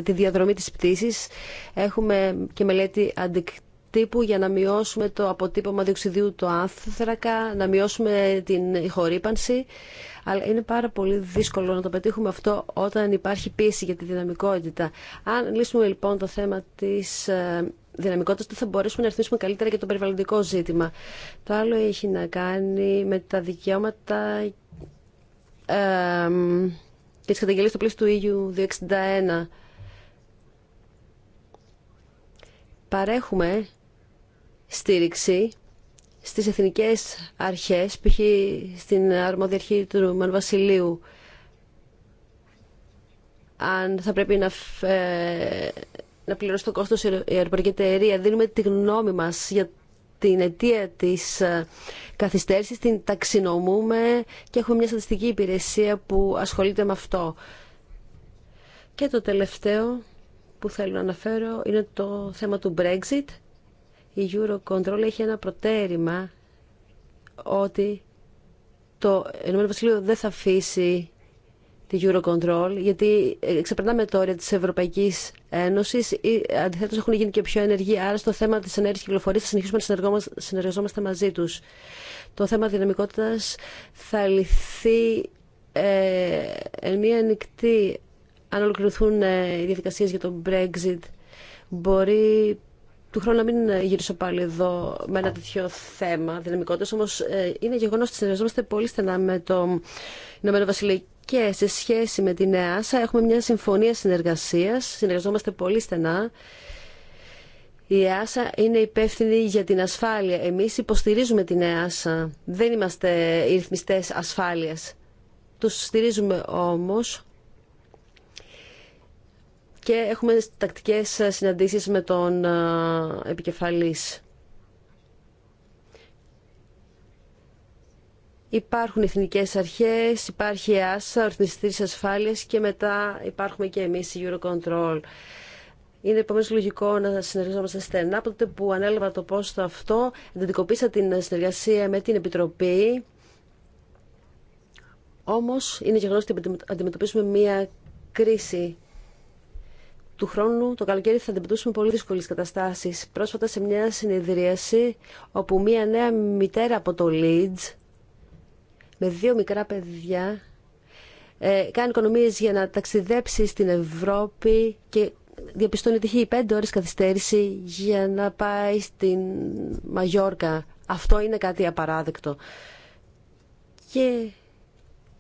τη διαδρομή της πτήσης. Έχουμε και μελέτη αντικ, τύπου για να μειώσουμε το αποτύπωμα διοξιδίου του άνθρακα, να μειώσουμε την χορύπανση. Αλλά είναι πάρα πολύ δύσκολο να το πετύχουμε αυτό όταν υπάρχει πίεση για τη δυναμικότητα. Αν λύσουμε λοιπόν το θέμα της ε, δυναμικότητας, τότε θα μπορέσουμε να ρυθμίσουμε καλύτερα και το περιβαλλοντικό ζήτημα. Το άλλο έχει να κάνει με τα δικαιώματα ε, και τις καταγγελίες στο πλαίσιο του EU 261. Παρέχουμε στήριξη στις εθνικές αρχές, π.χ. στην αρμόδια αρχή του Μαν Βασιλείου, αν θα πρέπει να, φε... να πληρώσει το κόστος η αεροπορική εταιρεία. Δίνουμε τη γνώμη μας για την αιτία της ε, καθυστέρησης, την ταξινομούμε και έχουμε μια στατιστική υπηρεσία που ασχολείται με αυτό. Και το τελευταίο που θέλω να αναφέρω είναι το θέμα του Brexit η Eurocontrol έχει ένα προτέρημα ότι το Ηνωμένο Βασίλειο δεν θα αφήσει τη Eurocontrol, γιατί ε, ξεπερνάμε τώρα όρια της Ευρωπαϊκής Ένωσης, ή ε, αντιθέτως έχουν γίνει και πιο ενεργοί, άρα στο θέμα της ενέργειας κυκλοφορίας θα συνεχίσουμε να συνεργαζόμαστε μαζί τους. Το θέμα δυναμικότητας θα λυθεί ε, εν μία ανοιχτή, αν ολοκληρωθούν ε, οι διαδικασίες για το Brexit, μπορεί του χρόνου να μην ε, γυρίσω πάλι εδώ με ένα τέτοιο θέμα Όμω όμως ε, είναι γεγονό ότι συνεργαζόμαστε πολύ στενά με το Ηνωμένο Βασιλείο και σε σχέση με την ΕΑΣΑ έχουμε μια συμφωνία συνεργασίας, συνεργαζόμαστε πολύ στενά. Η ΕΑΣΑ είναι υπεύθυνη για την ασφάλεια. Εμείς υποστηρίζουμε την ΕΑΣΑ. Δεν είμαστε ρυθμιστές ασφάλειας. Τους στηρίζουμε όμως και έχουμε τακτικές συναντήσεις με τον επικεφαλής. Υπάρχουν εθνικές αρχές, υπάρχει η ΆΣΑ, ασφάλειας και μετά υπάρχουμε και εμείς η Eurocontrol. Είναι επομένω λογικό να συνεργαζόμαστε στενά. Από τότε που ανέλαβα το πόστο αυτό, εντατικοποίησα την συνεργασία με την Επιτροπή. Όμω είναι γεγονό ότι αντιμετωπίσουμε μία κρίση του χρόνου το καλοκαίρι θα αντιμετωπίσουμε πολύ δύσκολε καταστάσει. Πρόσφατα σε μια συνεδρίαση όπου μια νέα μητέρα από το Λίτζ με δύο μικρά παιδιά ε, κάνει οικονομίε για να ταξιδέψει στην Ευρώπη και διαπιστώνει ότι έχει πέντε ώρε καθυστέρηση για να πάει στην Μαγιόρκα. Αυτό είναι κάτι απαράδεκτο. Και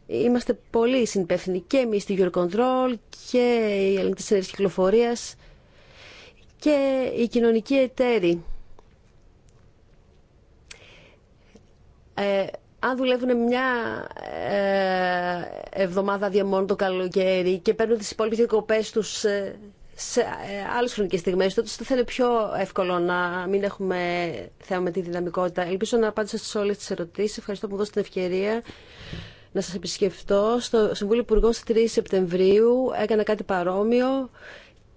Είμαστε πολύ συνυπεύθυνοι και εμεί στη Eurocontrol και η ελληνικέ εταιρείε κυκλοφορία και οι κοινωνικοί εταίροι. Ε, αν δουλεύουν μια ε, εβδομάδα μόνο το καλοκαίρι και παίρνουν τις υπόλοιπες διακοπές τους ε, σε ε, άλλε χρονικέ στιγμέ, τότε θα είναι πιο εύκολο να μην έχουμε θέμα με τη δυναμικότητα. Ελπίζω να απάντησα σε όλε τι ερωτήσει. Ευχαριστώ που μου δώσετε την ευκαιρία να σας επισκεφτώ. Στο Συμβούλιο Υπουργών στις 3 Σεπτεμβρίου έκανα κάτι παρόμοιο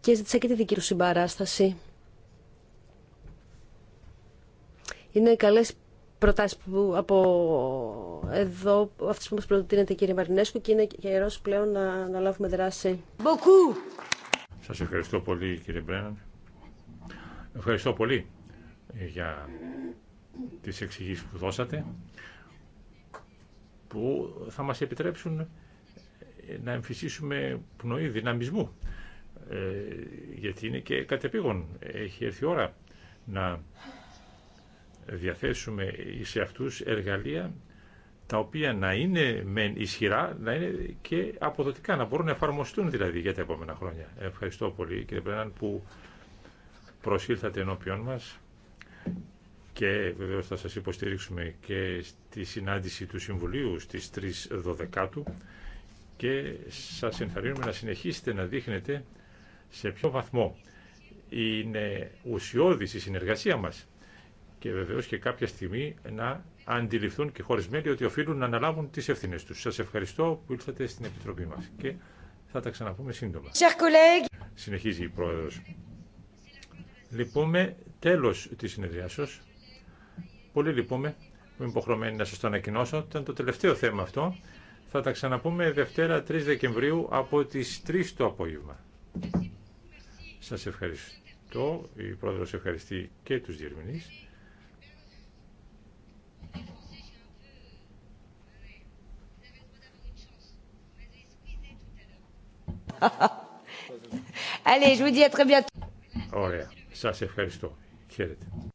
και ζήτησα και τη δική του συμπαράσταση. Είναι καλές προτάσεις από εδώ, αυτές που μας προτείνετε κύριε Μαρινέσκου και είναι καιρός πλέον να, να λάβουμε δράση. Μποκού! Σας ευχαριστώ πολύ κύριε Μπρέναν. Ευχαριστώ πολύ για τις εξηγήσεις που δώσατε που θα μας επιτρέψουν ε, να εμφυσίσουμε πνοή δυναμισμού ε, γιατί είναι και κατεπήγον. Έχει έρθει η ώρα να διαθέσουμε σε αυτούς εργαλεία τα οποία να είναι μεν ισχυρά, να είναι και αποδοτικά, να μπορούν να εφαρμοστούν δηλαδή για τα επόμενα χρόνια. Ευχαριστώ πολύ κύριε Μπρέναν που προσήλθατε ενώπιον μας και βεβαίως θα σας υποστηρίξουμε και στη συνάντηση του Συμβουλίου στις 3 και σας ενθαρρύνουμε να συνεχίσετε να δείχνετε σε ποιο βαθμό είναι ουσιώδης η συνεργασία μας και βεβαίως και κάποια στιγμή να αντιληφθούν και χωρίς μέλη ότι οφείλουν να αναλάβουν τις ευθύνες τους. Σας ευχαριστώ που ήρθατε στην Επιτροπή μας και θα τα ξαναπούμε σύντομα. Συνεχίζει η Πρόεδρος. Λυπούμε τέλος της συνεδριάσεως. Πολύ λυπούμε που είμαι υποχρεωμένη να σα το ανακοινώσω. Ήταν το τελευταίο θέμα αυτό. Θα τα ξαναπούμε Δευτέρα 3 Δεκεμβρίου από τι 3 το απόγευμα. Σα ευχαριστώ. Η πρόεδρος ευχαριστεί και του διερμηνείς. Allez, je vous dis à très bientôt. Ωραία. Σα ευχαριστώ. Χαίρετε.